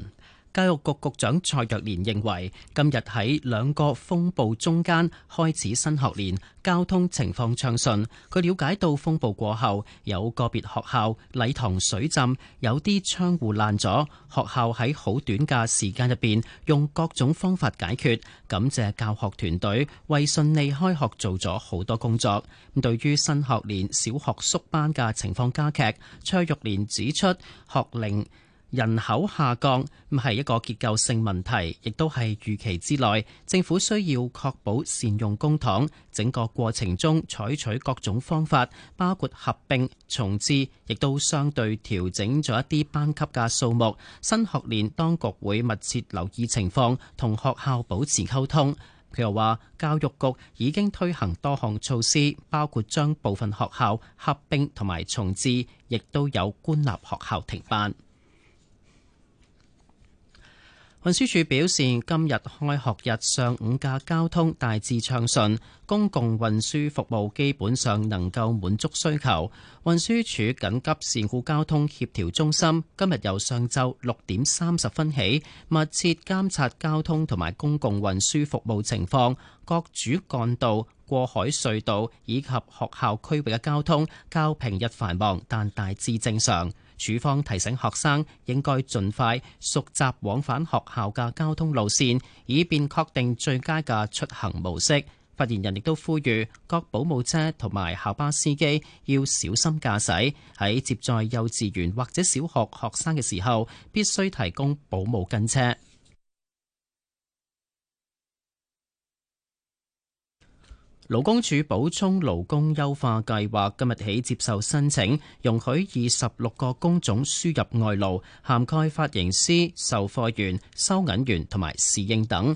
教育局局長蔡若蓮認為，今日喺兩個風暴中間開始新學年，交通情況暢順。佢了解到風暴過後，有個別學校禮堂水浸，有啲窗戶爛咗，學校喺好短嘅時間入邊用各種方法解決，感謝教學團隊為順利開學做咗好多工作。咁對於新學年小學縮班嘅情況加劇，蔡若蓮指出學齡。人口下降唔係一個結構性問題，亦都係預期之內，政府需要確保善用公帑，整個過程中採取各種方法，包括合併重置，亦都相對調整咗一啲班級嘅數目。新學年當局會密切留意情況，同學校保持溝通。佢又話教育局已經推行多項措施，包括將部分學校合併同埋重置，亦都有官立學校停辦。運輸署表示，今日開學日上午嘅交通大致暢順，公共運輸服務基本上能夠滿足需求。運輸署緊急事故交通協調中心今日由上晝六點三十分起密切監察交通同埋公共運輸服務情況，各主幹道、過海隧道以及學校區域嘅交通較平日繁忙，但大致正常。署方提醒學生應該盡快熟習往返學校嘅交通路線，以便確定最佳嘅出行模式。發言人亦都呼籲各保姆車同埋校巴司機要小心駕駛，喺接載幼稚園或者小學學生嘅時候，必須提供保姆跟車。勞工處補充勞工優化計劃今日起接受申請，容許二十六個工種輸入外勞，涵蓋髮型師、售貨員、收銀員同埋侍應等。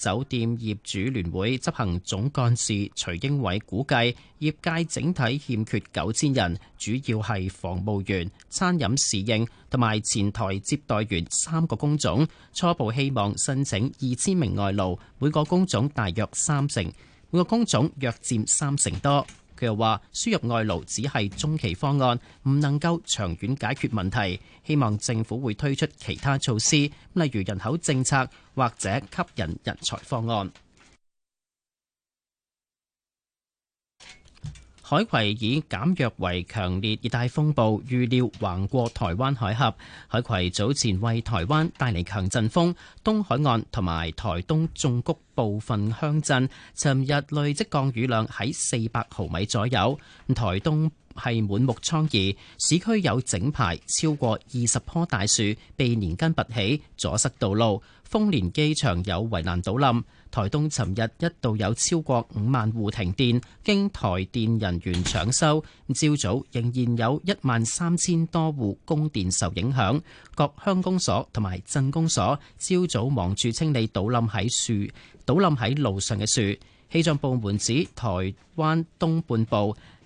酒店業主聯會執行總幹事徐英偉估計，業界整體欠缺九千人，主要係房務員、餐飲侍應同埋前台接待員三個工種。初步希望申請二千名外勞，每個工種大約三成，每個工種約佔三成多。佢又話：輸入外勞只係中期方案，唔能夠長遠解決問題。希望政府會推出其他措施，例如人口政策或者吸引人才方案。海葵以減弱為強烈熱帶風暴，預料橫過台灣海峽。海葵早前為台灣帶嚟強陣風，東海岸同埋台東縱谷部分鄉鎮，尋日累積降雨量喺四百毫米左右。台東係滿目瘡痍，市區有整排超過二十棵大樹被連根拔起，阻塞道路。豐年機場有圍欄倒冧。台東尋日一度有超過五萬戶停電，經台電人員搶修，朝早仍然有一萬三千多戶供電受影響。各鄉公所同埋鎮公所朝早忙住清理倒冧喺樹、倒冧喺路上嘅樹。氣象部門指台灣東半部。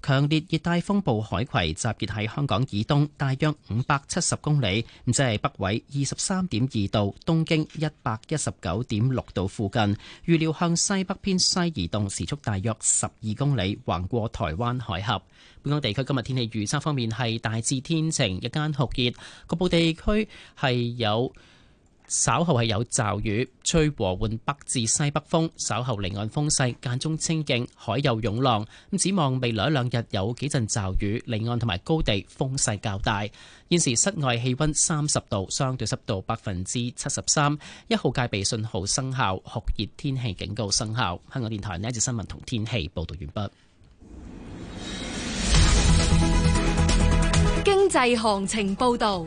強烈熱帶風暴海葵集結喺香港以東，大約五百七十公里，咁即係北緯二十三點二度、東經一百一十九點六度附近。預料向西北偏西移動，時速大約十二公里，橫過台灣海峽。本港地區今日天，天氣預測方面係大致天晴，一間酷熱，局部地區係有，稍後係有驟雨，吹和緩北至西北風。稍後離岸風勢間中清勁，海有湧浪。咁展望未來一兩,兩日有幾陣驟雨，離岸同埋高地風勢較大。現時室外氣溫三十度，相對濕度百分之七十三。一號戒備信號生效，酷熱天氣警告生效。香港電台呢一節新聞同天氣報道完畢。經濟行情報道。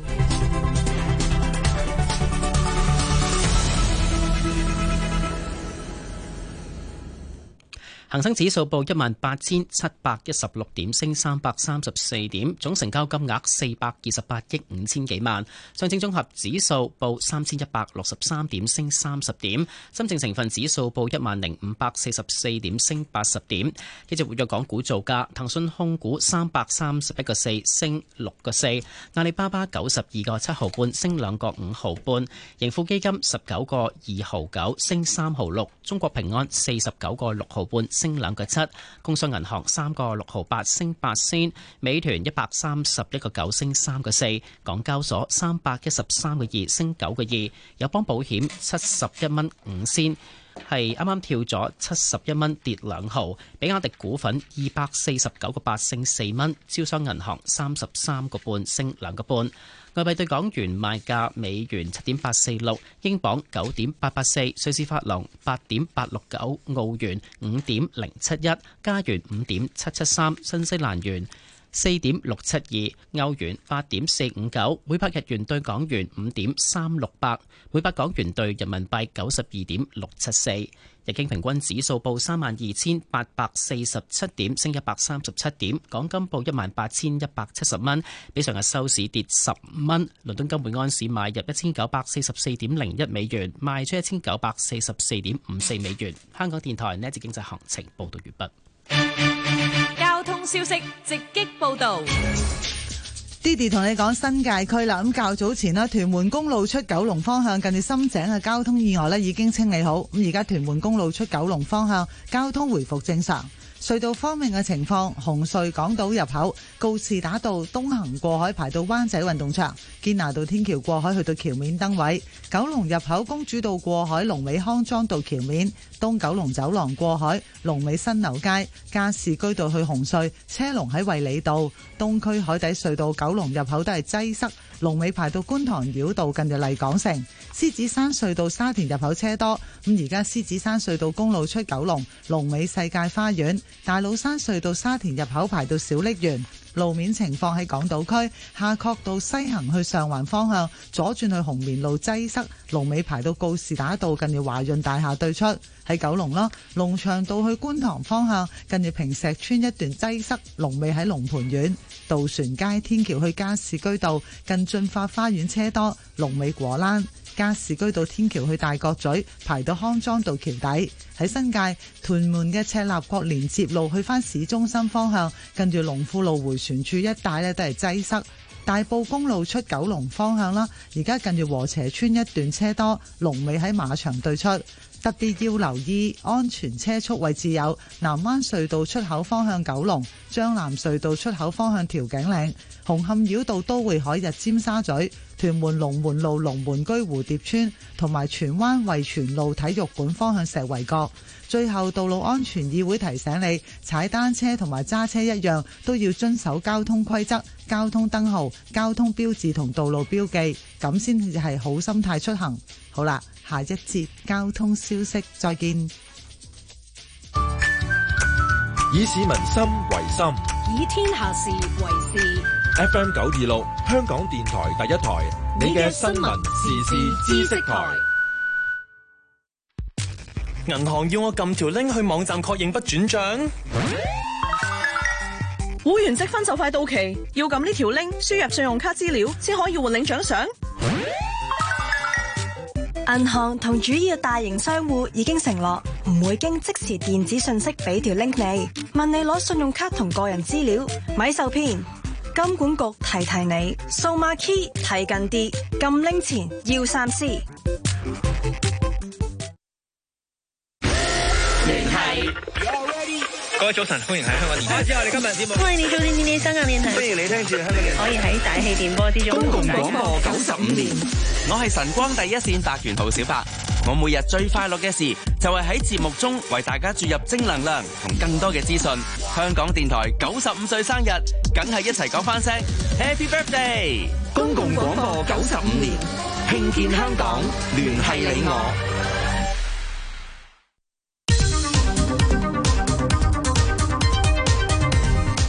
恒生指數報一萬八千七百一十六點，升三百三十四點，總成交金額四百二十八億五千幾萬。上證綜合指數報三千一百六十三點，升三十點。深證成分指數報一萬零五百四十四點，升八十點。幾隻活躍港股造價，騰訊控股三百三十一個四，升六個四；阿里巴巴九十二個七毫半，升兩個五毫半；盈富基金十九個二毫九，升三毫六；中國平安四十九個六毫半。升兩個七，工商銀行三個六毫八升八仙，美團一百三十一個九升三個四，港交所三百一十三個二升九個二，友邦保險七十一蚊五仙，係啱啱跳咗七十一蚊跌兩毫，比亞迪股份二百四十九個八升四蚊，招商銀行三十三個半升兩個半。外幣對港元賣價：美元七點八四六，英鎊九點八八四，瑞士法郎八點八六九，澳元五點零七一，加元五點七七三，新西蘭元四點六七二，歐元八點四五九，每百日元對港元五點三六八，每百港元對人民幣九十二點六七四。日經平均指數報三萬二千八百四十七點，升一百三十七點；港金報一萬八千一百七十蚊，比上日收市跌十蚊。倫敦金本安市買入一千九百四十四點零一美元，賣出一千九百四十四點五四美元。香港電台呢一節經濟行情報道完畢。交通消息直擊報道。Didi 同你講新界區啦，咁較早前屯門公路出九龍方向近住深井嘅交通意外已經清理好，咁而家屯門公路出九龍方向交通回復正常。隧道方面嘅情況，紅隧港島入口告士打道東行過海排到灣仔運動場，堅拿道天橋過海去到橋面燈位；九龍入口公主道過海龍尾康莊道橋面，東九龍走廊過海龍尾新樓街加士居道去紅隧車龍喺衛理道，東區海底隧道九龍入口都係擠塞。龍尾排到觀塘繞道，近住麗港城；獅子山隧道沙田入口車多，咁而家獅子山隧道公路出九龍，龍尾世界花園；大老山隧道沙田入口排到小瀝源，路面情況喺港島區夏慤道西行去上環方向左轉去紅棉路擠塞，龍尾排到告士打道，近住華潤大廈對出喺九龍咯；龍翔道去觀塘方向，近住平石村一段擠塞，龍尾喺龍蟠苑。渡船街天橋去加士居道，近駿發花園車多；龍尾果欄，加士居道天橋去大角咀排到康莊道橋底。喺新界屯門嘅赤鱲角連接路去翻市中心方向，跟住龍富路回旋處一帶呢都係擠塞。大埔公路出九龍方向啦，而家近住禾輋邨一段車多，龍尾喺馬場對出。特別要留意安全車速位置，有南灣隧道出口方向九龍、張南將藍隧道出口方向調景嶺、紅磡繞道都會海逸尖沙咀、屯門龍門路龍門居蝴蝶村同埋荃灣蕙荃路體育館方向石圍角。最後，道路安全議會提醒你，踩單車同埋揸車一樣，都要遵守交通規則、交通燈號、交通標誌同道路標記，咁先至係好心態出行。好啦。下一節交通消息，再見。以市民心為心，以天下事為事。FM 九二六，香港電台第一台，你嘅新聞時事時知識台。銀行要我撳條 link 去網站確認不轉賬。嗯、會員積分就快到期，要撳呢條 link，輸入信用卡資料先可以換領獎賞。嗯銀行同主要大型商戶已經承諾唔會經即時電子信息俾條 link 你，問你攞信用卡同個人資料咪受騙。金管局提提你，數碼 key 提近啲，撳 link 前要三思。各位早晨，歡迎喺香港電台。我哋今日節目，歡迎你，歡迎你聽住香港電台。可以喺大氣電波之中。公共廣播九十五年，我係晨光第一線白元豪小白。我每日最快樂嘅事就係喺節目中為大家注入正能量同更多嘅資訊。香港電台九十五歲生日，梗係一齊講翻聲 Happy Birthday！公共廣播九十五年慶建香港，聯繫你我。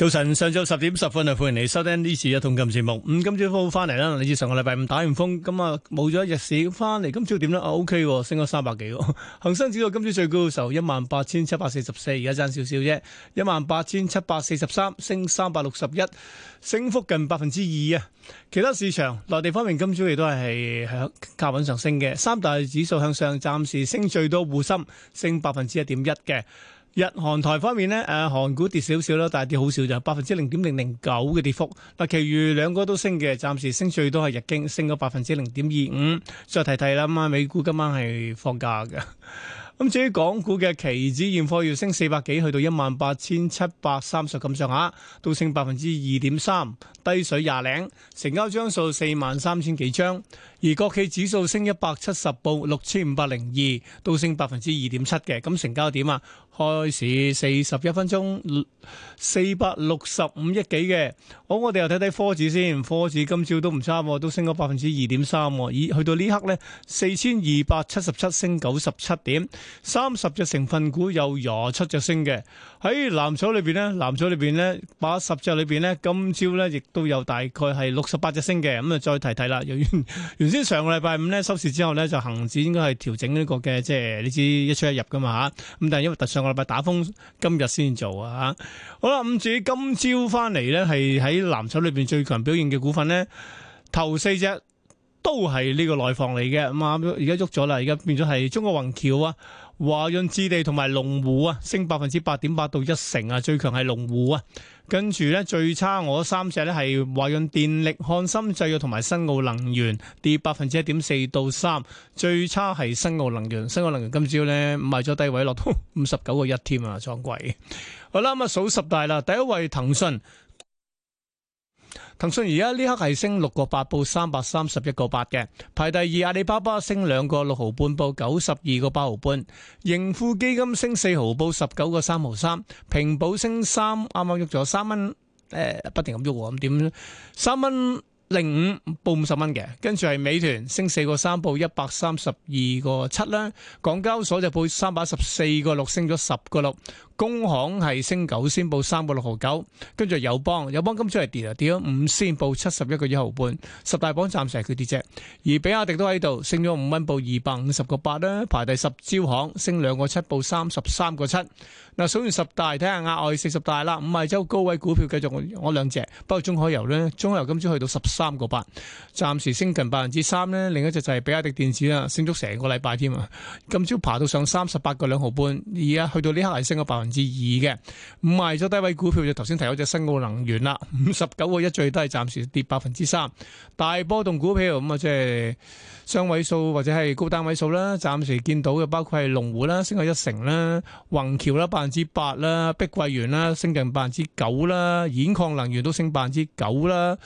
早晨，上晝十點十分就歡迎嚟收聽呢次嘅一桶金節目。咁今朝早翻嚟啦，你知上個禮拜五打完風，咁啊冇咗一日市翻嚟，今朝點咧？啊，OK，升咗三百幾。恒生指數今朝最高嘅時候，一萬八千七百四十四，而家爭少少啫，一萬八千七百四十三，升三百六十一，升幅近百分之二啊。其他市場內地方面，今朝亦都係響靠穩上升嘅，三大指數向上，暫時升最多滬深升百分之一點一嘅。日韓台方面咧，誒，韓股跌少少啦，但係跌好少，就百分之零點零零九嘅跌幅。嗱，其餘兩個都升嘅，暫時升最多係日經，升咗百分之零點二五。再提提啦，咁啊，美股今晚係放假㗎。咁至於港股嘅期指現貨，要升四百幾，去到一萬八千七百三十咁上下，都升百分之二點三，低水廿零。成交張數四萬三千幾張，而國企指數升一百七十報，六千五百零二，都升百分之二點七嘅。咁成交點啊？開市四十一分鐘，四百六十五億幾嘅，好，我哋又睇睇科指先，科指今朝都唔差，都升咗百分之二點三，咦去到呢刻呢，四千二百七十七升九十七點，三十隻成分股有廿七隻升嘅。喺藍籌裏邊呢，藍籌裏邊呢，八十隻裏邊呢，今朝呢亦都有大概係六十八隻升嘅，咁啊再提提啦。由原原先上個禮拜五呢收市之後呢，就恆指應該係調整呢個嘅，即係呢支一出一入噶嘛吓。咁但係因為上個禮拜打風，今日先做啊。好啦，咁至於今朝翻嚟呢，係喺藍籌裏邊最強表現嘅股份呢，頭四隻都係呢個內房嚟嘅，咁啊而家喐咗啦，而家變咗係中國宏橋啊。華潤置地同埋龍湖啊，升百分之八點八到一成啊，最強係龍湖啊。跟住咧最差我三隻咧係華潤電力、漢森製藥同埋新奧能源，跌百分之一點四到三，最差係新奧能源。新奧能源今朝咧賣咗低位落到五十九個一添啊，撞貴。好啦咁啊，數十大啦，第一位騰訊。騰訊騰訊而家呢刻係升六個八，報三百三十一個八嘅，排第二。阿里巴巴升兩個六毫半，報九十二個八毫半。盈富基金升四毫，報十九個三毫三。平保升三，啱啱喐咗三蚊，誒，不停咁喐，咁點咧？三蚊。零五報五十蚊嘅，跟住係美團升四個三，報一百三十二個七啦。港交所就報三百十四個六，升咗十個六。工行係升九先報三個六毫九，跟住友邦，友邦今朝係跌啊，跌咗五先報七十一個一毫半。十大榜暫時係佢跌啫，而比亞迪都喺度升咗五蚊，報二百五十個八啦。排第十招行升兩個七，報三十三個七。嗱，數完十大睇下額外四十大啦，五十周高位股票繼續我兩隻，不過中海油呢，中海油今朝去到十。三個八，暫時升近百分之三呢，另一隻就係比亞迪電子啦，升咗成個禮拜添啊！今朝爬到上三十八個兩毫半，而家去到呢刻係升咗百分之二嘅。唔賣咗低位股票就頭先提咗隻新奧能源啦，五十九個一最低，暫時跌百分之三。大波動股票，票咁啊，即係雙位數或者係高單位數啦，暫時見到嘅包括係龍湖啦，升咗一成啦，宏橋啦，百分之八啦，碧桂園啦，升近百分之九啦，兗礦能源都升百分之九啦。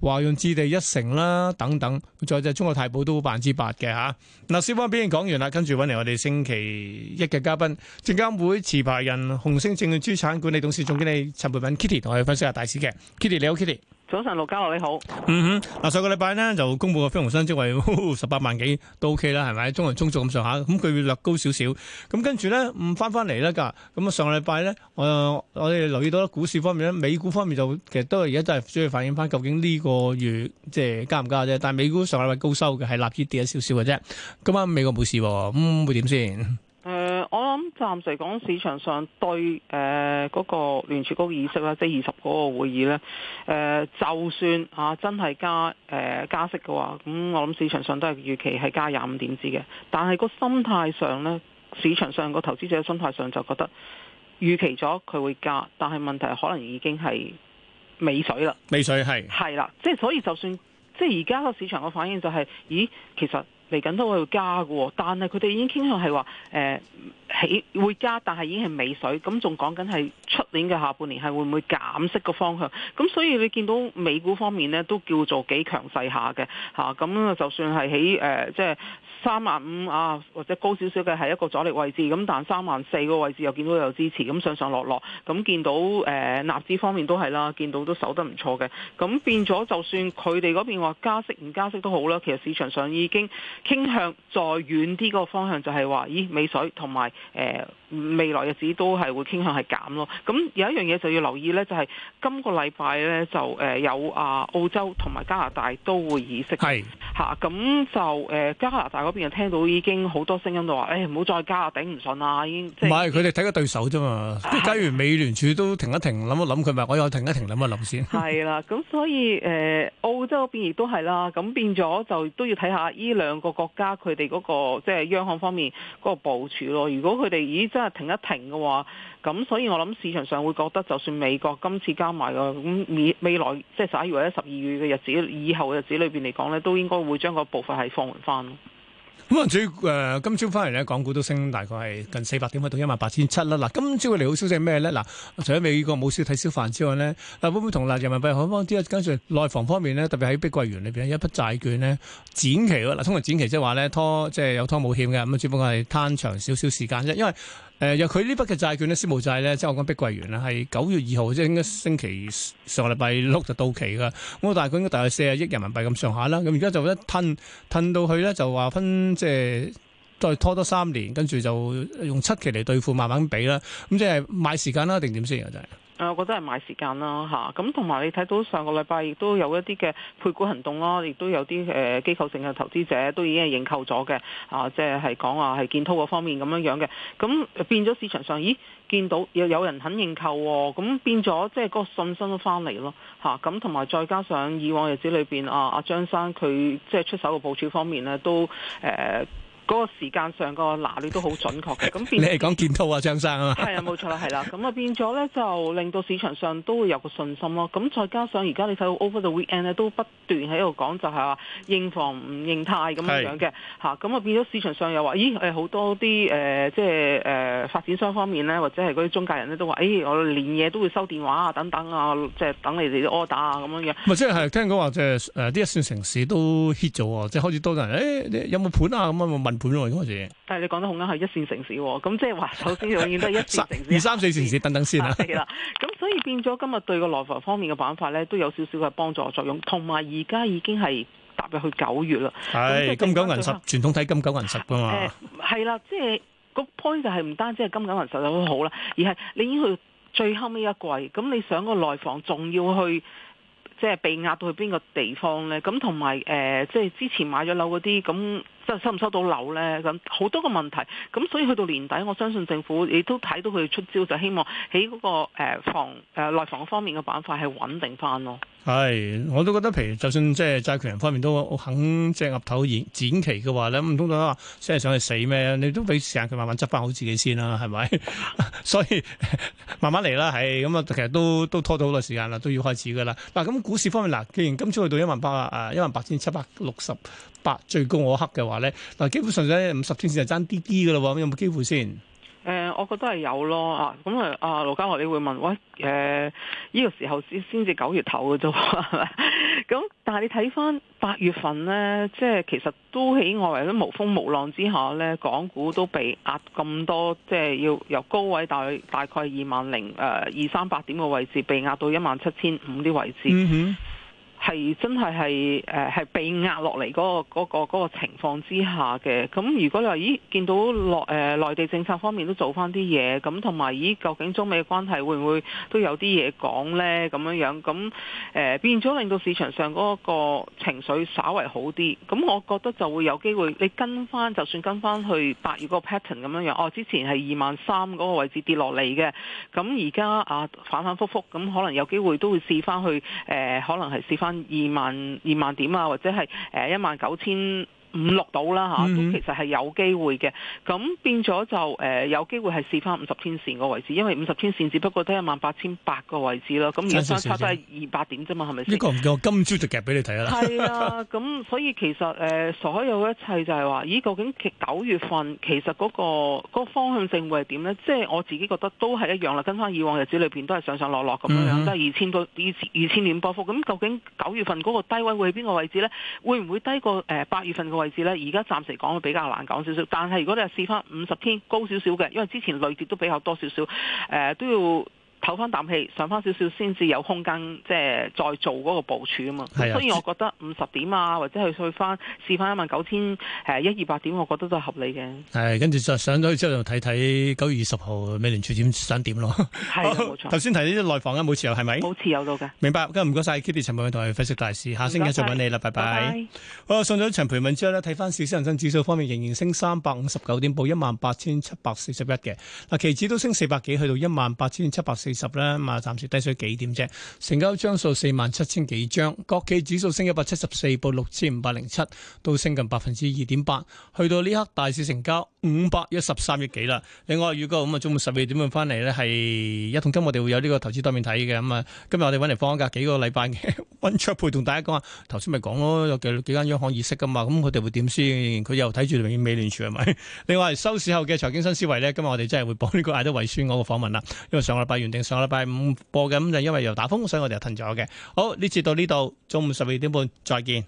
華潤置地一成啦，等等，再就中國太保都百分之八嘅吓。嗱，小方表演講完啦，跟住揾嚟我哋星期一嘅嘉賓，證監會持牌人紅星證券資產管理董事總經理陳培敏 Kitty 同我哋分析下大市嘅。Kitty，你好，Kitty。早晨，陸家樂你好。嗯哼，嗱，上個禮拜呢，就公布個非農新職位 十八萬幾都 O K 啦，係咪？中銀中做咁上下，咁佢會略高少少。咁跟住咧，唔翻翻嚟啦。咁啊上個禮拜咧，誒，我哋留意到股市方面咧，美股方面就其實都而家都係主要反映翻究竟呢個月即係加唔加啫。但係美股上個禮拜高收嘅，係納指跌咗少少嘅啫。今晚美國冇事，咁、嗯、會點先？誒。嗯我諗暫時嚟講，市場上對誒嗰、呃嗰個聯儲局嘅議息咧，即係二十嗰個會議咧，誒、呃、就算啊真係加誒、呃、加息嘅話，咁我諗市場上都係預期係加廿五點子嘅。但係個心態上呢，市場上個投資者心態上就覺得預期咗佢會加，但係問題可能已經係尾水啦。尾水係係啦，即係所以就算即係而家個市場嘅反應就係、係，咦，其實。嚟緊都會加嘅喎，但係佢哋已經傾向係話，誒、呃、起會加，但係已經係尾水，咁仲講緊係出年嘅下半年係會唔會減息個方向，咁所以你見到美股方面呢，都叫做幾強勢下嘅，嚇、啊、咁就算係喺誒即係。三萬五啊，或者高少少嘅係一個阻力位置，咁但三萬四個位置又見到有支持，咁上上落落，咁見到誒、呃、納資方面都係啦，見到都守得唔錯嘅，咁變咗就算佢哋嗰邊話加息唔加息都好啦，其實市場上已經傾向再遠啲嗰個方向，就係、是、話，咦美水同埋誒未來日子都係會傾向係減咯。咁有一樣嘢就要留意呢，就係、是、今個禮拜呢，就誒有啊澳洲同埋加拿大都會議息嘅，嚇，咁是、啊、就誒、呃、加拿大。嗰邊又聽到已經好多聲音都，到、哎、話，誒唔好再加啊，頂唔順啊！已經唔係佢哋睇下對手啫嘛。啊、假如美聯儲都停一停，諗一諗，佢咪我又停一停，諗一諗先。係啦，咁所以誒、呃，澳洲邊亦都係啦，咁變咗就都要睇下呢兩個國家佢哋嗰個即係、就是、央行方面嗰個部署咯。如果佢哋咦真係停一停嘅話，咁所以我諗市場上會覺得，就算美國今次加埋嘅咁，未未來即係十一月或者十二月嘅日子，以後嘅日子裏邊嚟講呢都應該會將個步伐係放緩翻。咁啊，最誒、嗯呃、今朝翻嚟咧，港股都升，大概係近四百點去到一萬八千七啦。嗱，今朝嘅利好消息係咩咧？嗱，除咗美國冇少睇消反之外咧，嗱會唔會同嗱人民幣兌方之外，跟住內房方面咧，特別喺碧桂園裏邊咧一筆債券咧展期喎。嗱，通常展期即係話咧拖，即係有拖冇欠嘅，咁啊，只不過係攤長少少時間啫，因為。誒由佢呢筆嘅債券咧，私募債咧，即係我講碧桂園啦，係九月二號即係應該星期上個禮拜六就到期㗎。咁但係佢應該大概四十億人民幣咁上下啦。咁而家就一褪褪到去咧，就話分即係再拖多三年，跟住就用七期嚟兌付，慢慢俾啦。咁即係買時間啦，定點先啊？真係。誒，我覺得係買時間啦，嚇咁同埋你睇到上個禮拜亦都有一啲嘅配股行動咯，亦都有啲誒、呃、機構性嘅投資者都已經係認購咗嘅，啊，即係係講話係建滔嗰方面咁樣樣嘅，咁、啊、變咗市場上，咦，見到又有人肯認購喎、哦，咁、啊、變咗即係個信心都翻嚟咯，嚇咁同埋再加上以往日子裏邊啊，阿張生佢即係出手嘅部署方面呢都誒。呃嗰個時間上個拿捏都好準確嘅，咁變 你係講建滔啊張生啊嘛，係啊冇錯啦，係啦，咁啊變咗咧就令到市場上都會有個信心咯。咁再加上而家你睇到 Over the Weekend 咧，都不斷喺度講就係話認房唔認貸咁樣樣嘅，嚇咁啊變咗市場上又話，咦誒好多啲誒、呃、即係誒發展商方面咧，或者係嗰啲中介人咧都話，誒、哎、我連夜都會收電話啊等等啊，即係等你哋啲 order 啊咁樣嘅。即係聽講話即係誒啲一線城市都 hit 咗喎，即係開始多人誒有冇盤啊咁啊問。盤喎嗰陣但係你講得好啱，係一線城市喎，咁即係話首先永遠都係一線城市、二三四城市等等先啦、啊 嗯。係啦，咁所以變咗今日對個內房方面嘅辦法咧，都有少少嘅幫助作用。同埋而家已經係踏入去九月啦，係、嗯就是、金九銀十，傳統睇金九銀十㗎嘛。係啦、 嗯，即係、就是、個 point 就係唔單止係金九銀十就好啦，而係你已經去最後尾一季，咁你想個內房仲要去即係、就是、被壓到去邊個地方咧？咁同埋誒，即、呃、係、就是、之前買咗樓嗰啲咁。即係收唔收到樓咧，咁好多個問題，咁所以去到年底，我相信政府亦都睇到佢出招，就希望喺嗰個房誒、呃呃、內房方面嘅板塊係穩定翻咯。係，我都覺得譬如就算即係債權人方面都肯即係岌頭展期嘅話咧，唔通就話即係想去死咩？你都俾時間佢慢慢執翻好自己先啦、啊，係咪？ 所以慢慢嚟啦，係咁啊，其實都都拖咗好多時間啦，都要開始噶啦。嗱，咁股市方面嗱，既然今朝去到一萬八啊，一萬八千七百六十。八最高嗰刻嘅話呢，嗱基本上咧五十天線就爭啲啲嘅噶啦，有冇機會先？誒、呃，我覺得係有咯啊，咁啊啊羅嘉樂你會問喂，誒、呃、呢、這個時候先至九月頭嘅啫，咁 但係你睇翻八月份呢，即係其實都喺外圍都無風無浪之下呢，港股都被壓咁多，即係要由高位大大概二萬零誒二三百點嘅位，位置，被壓到一萬七千五啲位置。係真係係誒係被壓落嚟嗰個嗰個嗰個情況之下嘅。咁如果你話咦見到內誒內地政策方面都做翻啲嘢，咁同埋咦究竟中美嘅關係會唔會都有啲嘢講呢？咁樣樣咁誒、呃、變咗令到市場上嗰個情緒稍為好啲。咁我覺得就會有機會你跟翻，就算跟翻去八月嗰個 pattern 咁樣樣。哦，之前係二萬三嗰個位置跌落嚟嘅。咁而家啊反反覆覆咁，可能有機會都會試翻去誒、呃，可能係試翻。二萬，二萬點啊，或者係誒一萬九千，五六度啦吓。咁、啊、其實係有機會嘅。咁變咗就誒、呃、有機會係試翻五十天線個位置，因為五十天線只不過得一萬八千八個位置咯。咁是而家相差都係二百點啫嘛，係咪先？呢個唔夠，今朝就夾俾你睇啦。係啊，咁 所以其實誒、呃、所有一切就係話，咦？究竟其九月份其實嗰、那個那個那個方向性會係點呢？即係我自己覺得都係一樣啦。跟翻以往日子裏邊都係上上落落咁樣、嗯、都係二千個二二千點波幅。咁究竟九月份嗰個低位會喺邊個位置呢？會唔會低過誒八月份嘅位？呃呃呃呃呃呃呃呃而家暫時講會比較難講少少，但係如果你係試翻五十天高少少嘅，因為之前累跌都比較多少少，誒、呃、都要。唞翻啖氣，上翻少少先至有空間，即係再做嗰個部署啊嘛。所以、啊、我覺得五十點啊，或者去去翻試翻一萬九千誒一二百點，我覺得都係合理嘅。係、啊，跟住就上咗去之後，就睇睇九月二十號美聯儲點想點咯。係、啊，冇錯。頭先提呢啲內房啊，冇持有係咪？冇持有到㗎。明白，今日唔該晒 Kitty，陳培敏同埋費雪大師，下星期再揾你啦，拜拜。謝謝。好，送咗一場培敏之後呢，睇翻小斯恒生指數方面仍然升三百五十九點，報一萬八千七百四十一嘅。嗱，期指都升四百幾，去到一萬八千七百四。四十啦，嘛暫時低水幾點啫？成交張數四萬七千幾張，國企指數升一百七十四，報六千五百零七，都升近百分之二點八，去到呢刻大市成交五百一十三億幾啦。另外預告咁啊，中午十二點就翻嚟呢，係一桶金，我哋會有呢個投資對面睇嘅。咁、嗯、啊，今日我哋揾嚟放一假幾個禮拜嘅 w 卓，r 陪同大家講。頭先咪講咯，有幾幾間央行意識噶嘛，咁佢哋會點先？佢又睇住永嚟美聯儲係咪？另外收市後嘅財經新思維呢，今日我哋真係會播呢個艾德維宣嗰個訪問啦，因為上個禮拜上個禮拜五播嘅，咁就因為又打風，所以我哋又停咗嘅。好，呢次到呢度，中午十二點半，再見。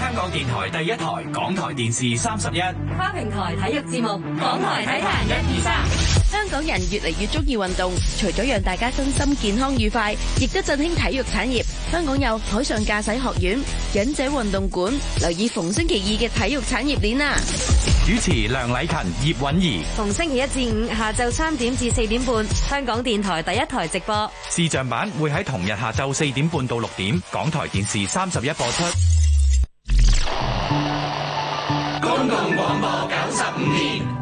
香港電台第一台，港台電視三十一，跨平台體育節目，港台體壇一二三。香港人越嚟越中意運動，除咗讓大家身心健康愉快，亦都振興體育產業。香港有海上駕駛學院、忍者運動館，留意逢星期二嘅體育產業鏈啊，主持梁禮勤、葉韻儀，逢星期一至五下晝三點至四點半，香港電台第一台直播。視像版會喺同日下晝四點半到六點，港台電視三十一播出。公共廣播九十五年。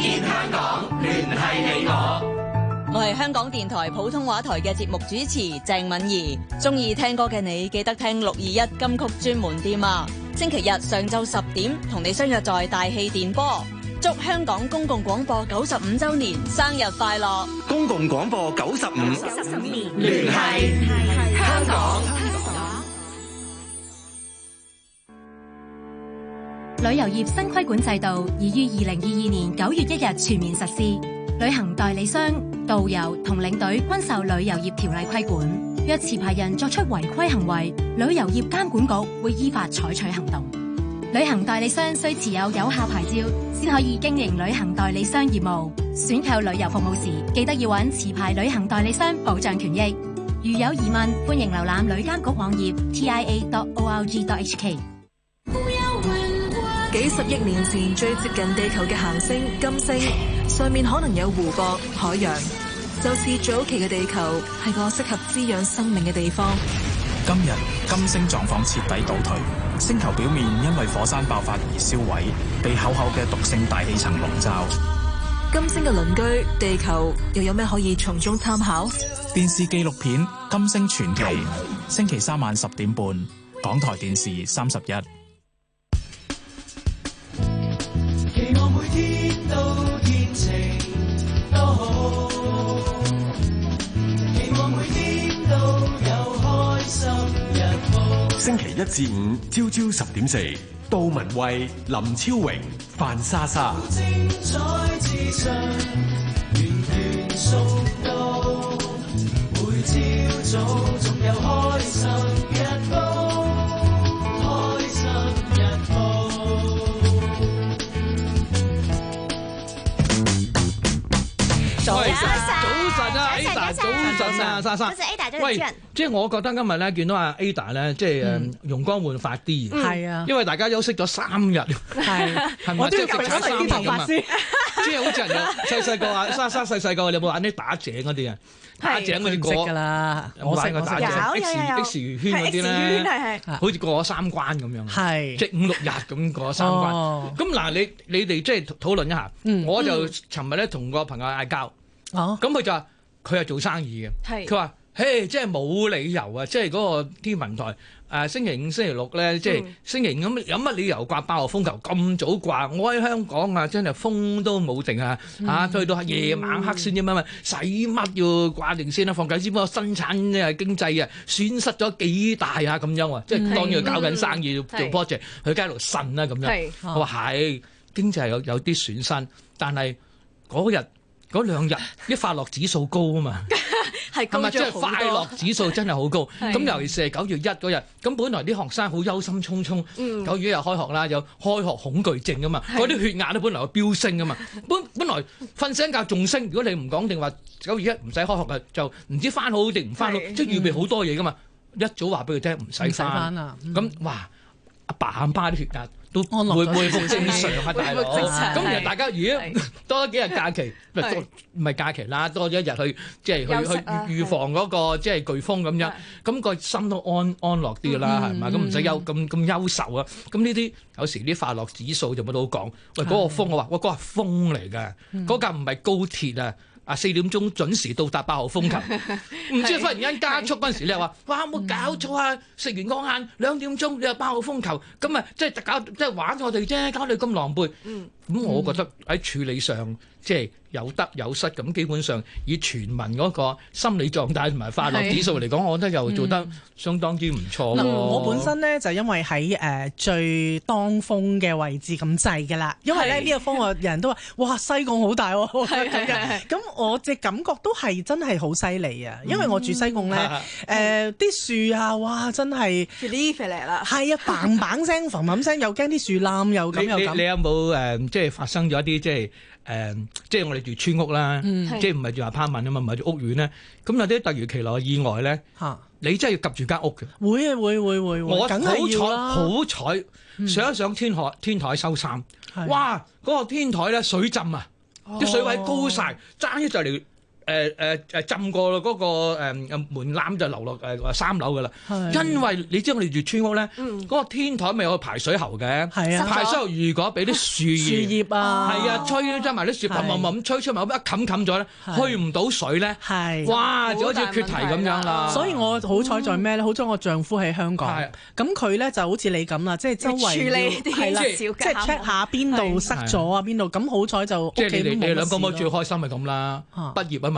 見香港聯繫你我，我係香港電台普通話台嘅節目主持鄭敏儀，中意聽歌嘅你記得聽六二一金曲專門店啊！星期日上晝十點同你相約在大氣電波，祝香港公共廣播九十五周年生日快樂！公共廣播九十五年聯繫香港。旅遊業新規管制度已於二零二二年九月一日全面實施，旅行代理商、導遊同領隊均受旅遊業條例規管。若持牌人作出違規行為，旅遊業監管局會依法採取行動。旅行代理商需持有有效牌照，先可以經營旅行代理商業務。選購旅遊服務時，記得要揾持牌旅行代理商保障權益。如有疑問，歡迎瀏覽旅監局網頁 tia.org.hk。幾十億年前最接近地球嘅行星金星上面可能有湖泊海洋，就似早期嘅地球係個適合滋養生命嘅地方。今日金星狀況徹底倒退，星球表面因為火山爆發而燒毀，被厚厚嘅毒性大氣層籠罩。金星嘅鄰居地球又有咩可以從中參考？電視紀錄片《金星傳奇》，星期三晚十點半，港台電視三十一。星期一至五，朝朝十點四，杜文慧、林超榮、范莎莎。精彩資訊源源送到，每朝早總有開心嘅一日。早晨，早晨啊！早晨啊，莎莎。喂，即係我覺得今日咧，見到阿 Ada 咧，即係容光煥發啲。係啊，因為大家休息咗三日。係，係咪即係食三生嘅嘛。即係好似人細細個啊，莎莎細細個，你有冇玩啲打井嗰啲啊？打井嗰啲過。我識㗎啦，我識。有有有。時圈嗰啲咧，好似過咗三關咁樣。係。即係五六日咁過咗三關。咁嗱，你你哋即係討論一下。我就尋日咧同個朋友嗌交。哦，咁佢就話佢係做生意嘅，佢話嘿，即係冇理由啊！即係嗰個天文台誒星期五、星期六咧，即係星期五有乜理由掛暴風球咁早掛？我喺香港啊，真係風都冇定啊！嚇，去到夜晚黑先啫嘛，使乜要掛定先啦？放緊，只不過生產啊經濟啊，損失咗幾大啊咁樣啊！即係當然佢搞緊生意做 project，去街度呻啊咁樣。我話係經濟有有啲損失，但係嗰日。嗰兩日啲快樂指數高啊嘛，係高咗好多。即係、快樂指數真係好高，咁 是尤其係九月一嗰日，咁本來啲學生好憂心忡忡。九、嗯、月一日開學啦，有開學恐懼症啊嘛，嗰啲是血壓都本來會飆升啊嘛。本 本來瞓醒覺仲升，如果你唔講定話九月一唔使開學嘅，就唔知翻好定唔翻好，即係是預備好多嘢噶嘛。嗯、一早話俾佢聽唔使翻啦，咁哇，阿爸阿媽啲血壓。都安樂回回復正常啊，大佬。咁其實大家如果多咗幾日假期，唔係唔係假期啦，多咗一日去，即係去去預防嗰個即係颶風咁樣，咁個心都安安樂啲啦，係咪？咁唔使憂咁咁憂愁啊。咁呢啲有時啲快樂指數就乜都講。喂，嗰個風我話，喂，嗰個係風嚟㗎，嗰架唔係高鐵啊。啊！四點鐘準時到達八號風球，唔 知 是忽然間加速嗰陣時，的你又話：哇！冇搞錯啊！食 完個晏兩點鐘，你又八號風球，咁咪即係搞即係玩我哋啫，搞到你咁狼狽。 嗯咁我覺得喺處理上即係有得有失，咁基本上以全民嗰個心理狀態同埋快樂指數嚟講，我覺得又做得相當之唔錯。我本身咧就因為喺誒、呃、最當風嘅位置咁滯噶啦，因為咧呢個風啊，人都話哇西貢好大喎，咁我只感覺都係真係好犀利啊！因為我住西貢咧，誒啲樹啊，哇真係啦。係啊，bang bang 聲，boom boom 聲，又驚啲樹冧，又咁又你有冇誒？即係發生咗一啲即係誒，即係、呃、我哋住村屋啦，嗯、即係唔係住阿潘文啊嘛，唔係住屋苑咧。咁有啲突如其來嘅意外咧，啊、你真係要及住間屋嘅。會啊會會會，會會會我好彩好彩，上、嗯、一上天台天台，收衫，是哇！嗰，那個天台咧水浸啊，啲、哦、水位高晒，爭一就嚟。誒誒誒浸過嗰個誒門檻就流落誒三樓噶啦，因為你知我哋住村屋咧，嗰個天台咪有個排水喉嘅。啊，排水喉如果俾啲樹葉啊，係啊，吹將埋啲樹葉，密密咁吹出埋一冚冚咗咧，去唔到水咧，係哇，就好似缺堤咁樣啦。所以我好彩在咩咧？好彩我丈夫喺香港，咁佢咧就好似你咁啦，即係周圍處理啲啦，即係 check 下邊度塞咗啊，邊度咁。好彩就即係你哋你兩個妹最開心係咁啦，畢業啊嘛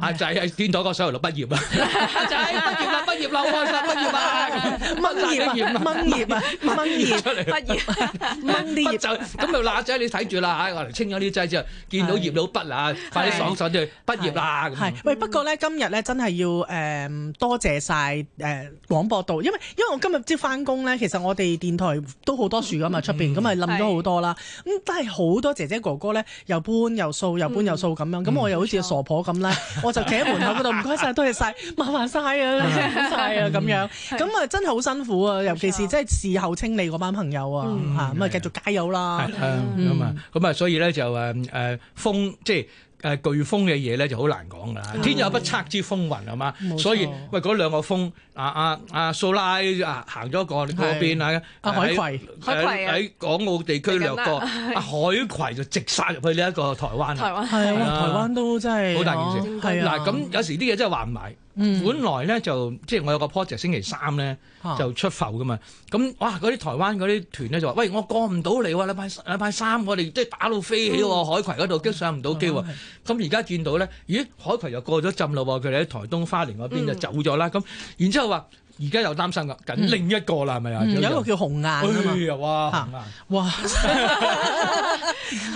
阿仔，係端妥個水喉度畢業啊！阿仔，畢業啦，畢業啦，我話晒畢業啊！掹葉，掹葉啊，掹葉出嚟，畢業，掹啲葉就咁就嗱仔，你睇住啦，吓我嚟清咗啲劑之後，見到葉都畢啦，快啲爽爽就畢業啦咁。係喂，不過咧今日咧真係要誒多謝晒誒廣播道，因為因為我今日即係翻工咧，其實我哋電台都好多樹噶嘛，出邊咁啊冧咗好多啦，咁但係好多姐姐哥哥咧又搬又掃，又搬又掃咁樣，咁我又好似個傻婆咁咧。我就企喺門口嗰度，唔該晒，多謝晒，麻煩晒啊，多謝晒啊，咁樣，咁啊真係好辛苦啊，尤其是即係事後清理嗰班朋友啊，嚇咁啊繼續加油啦，係咁啊，咁啊，所以咧就誒誒封即係。誒颶風嘅嘢咧就好難講㗎啦，天有不測之風雲係嘛，所以喂嗰兩個風，阿阿阿蘇拉行咗過呢個邊啊，阿海葵海葵喺港澳地區掠過，阿海葵就直殺入去呢一個台灣啊，台灣都真係好大件事，嗱咁有時啲嘢真係話唔埋。本來咧就即係我有個 project，星期三咧就出埠噶嘛，咁哇嗰啲台灣嗰啲團咧就話，喂，我過唔到嚟喎，禮拜禮拜三我哋即係都打到飛起喎，嗯、海葵嗰度驚上唔、嗯嗯、到機喎，咁而家見到咧，咦，海葵又過咗浸嘞喎，佢哋喺台東花蓮嗰邊就走咗啦，咁、嗯、然之後話。而家又擔心噶，緊另一個啦，係咪啊？有一個叫紅眼啊嘛！哇！哇！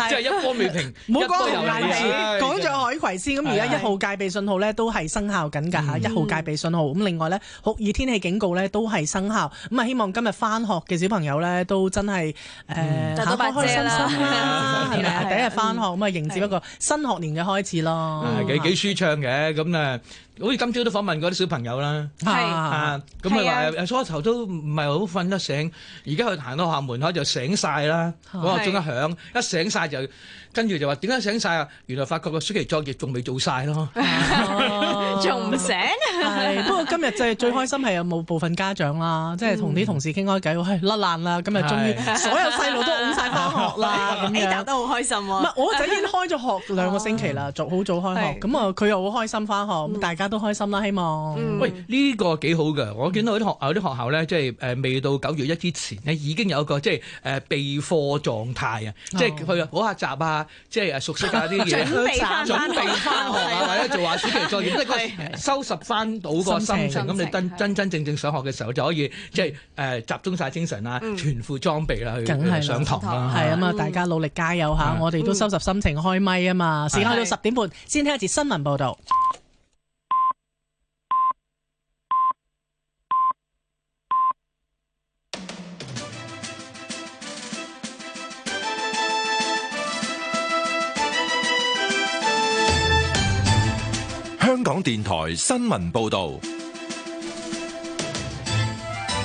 即係一波未平，唔好講紅眼，講住海葵先。咁而家一號戒備信號咧都係生效緊㗎嚇，一號戒備信號。咁另外咧，酷熱天氣警告咧都係生效。咁啊，希望今日返學嘅小朋友咧都真係誒，打開開心心啦，係咪啊？第一日返學咁啊，迎接一個新學年嘅開始咯。幾幾舒暢嘅咁啊！好似今朝都訪問過啲小朋友啦，係啊，咁佢話初頭都唔係好瞓得醒，而家佢行到校門口就醒晒啦，嗰個鐘一響，一醒晒就。跟住就話點解醒晒啊？原來發覺個暑期作業仲未做晒咯，仲唔醒？不過今日就係最開心係有冇部分家長啦，即係同啲同事傾開偈，喂甩爛啦！今日終於所有細路都揾曬翻學啦，咁樣都好開心喎。我仔已經開咗學兩個星期啦，早好早開學，咁啊佢又好開心翻學，咁大家都開心啦。希望喂呢個幾好嘅，我見到有啲學有啲學校咧，即係誒未到九月一之前咧，已經有一個即係誒備課狀態啊，即係去補下習啊。即係熟悉下啲嘢，準備翻準備翻學啊，或者做下暑期作業，即係你收拾翻到個心情，咁你真真真正正上學嘅時候就可以，即係誒集中晒精神啦，嗯、全副裝備啦去上堂啦，係啊嘛，大家努力加油嚇，嗯、我哋都收拾心情開咪啊嘛，時間到十點半，先聽一節新聞報道。香港電台新聞報道，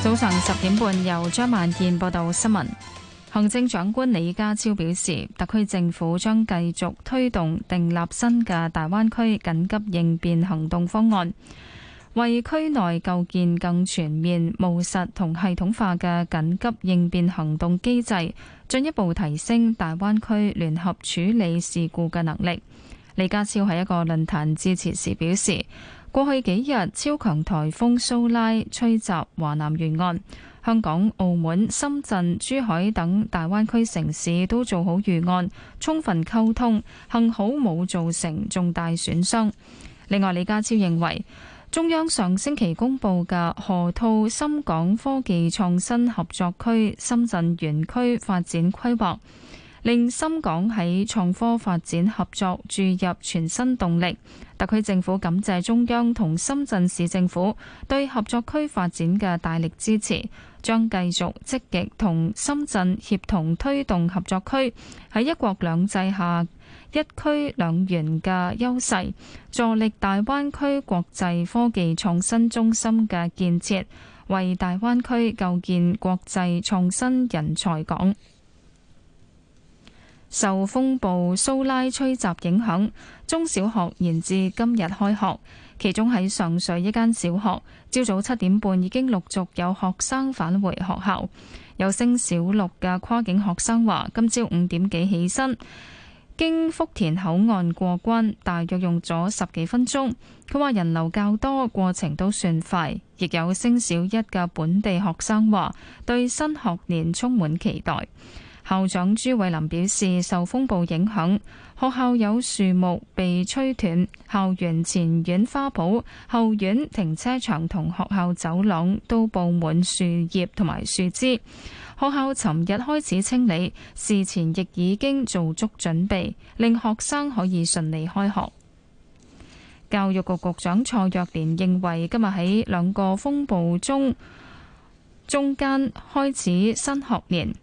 早上十點半由張萬健報道新聞。行政長官李家超表示，特區政府將繼續推動訂立新嘅大灣區緊急應變行動方案，為區內構建更全面、務實同系統化嘅緊急應變行動機制，進一步提升大灣區聯合處理事故嘅能力。李家超喺一個論壇致辭時表示，過去幾日超強颱風蘇拉吹襲華南沿岸，香港、澳門、深圳、珠海等大灣區城市都做好預案，充分溝通，幸好冇造成重大損傷。另外，李家超認為中央上星期公布嘅河套深港科技創新合作區深圳園區發展規劃，令深港喺創科發展合作注入全新動力。特區政府感謝中央同深圳市政府對合作區發展嘅大力支持，將繼續積極同深圳協同推動合作區喺一國兩制下一區兩園嘅優勢，助力大灣區國際科技創新中心嘅建設，為大灣區構建國際創新人才港。受風暴蘇拉吹襲影響，中小學延至今日開學。其中喺上水一間小學，朝早七點半已經陸續有學生返回學校。有升小六嘅跨境學生話，今朝五點幾起身，經福田口岸過關，大約用咗十幾分鐘。佢話人流較多，過程都算快。亦有升小一嘅本地學生話，對新學年充滿期待。校長朱偉林表示，受風暴影響，學校有樹木被吹斷，校園前院花圃、後院停車場同學校走廊都佈滿樹葉同埋樹枝。學校尋日開始清理，事前亦已經做足準備，令學生可以順利開學。教育局局長蔡若蓮認為，今日喺兩個風暴中，中間開始新學年。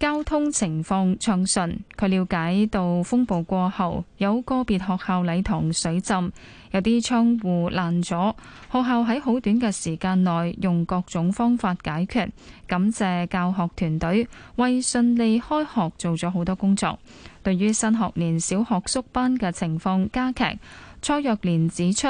交通情況暢順，佢了解到風暴過後有個別學校禮堂水浸，有啲窗戶爛咗，學校喺好短嘅時間內用各種方法解決，感謝教學團隊為順利開學做咗好多工作。對於新學年小學縮班嘅情況加劇，蔡若蓮指出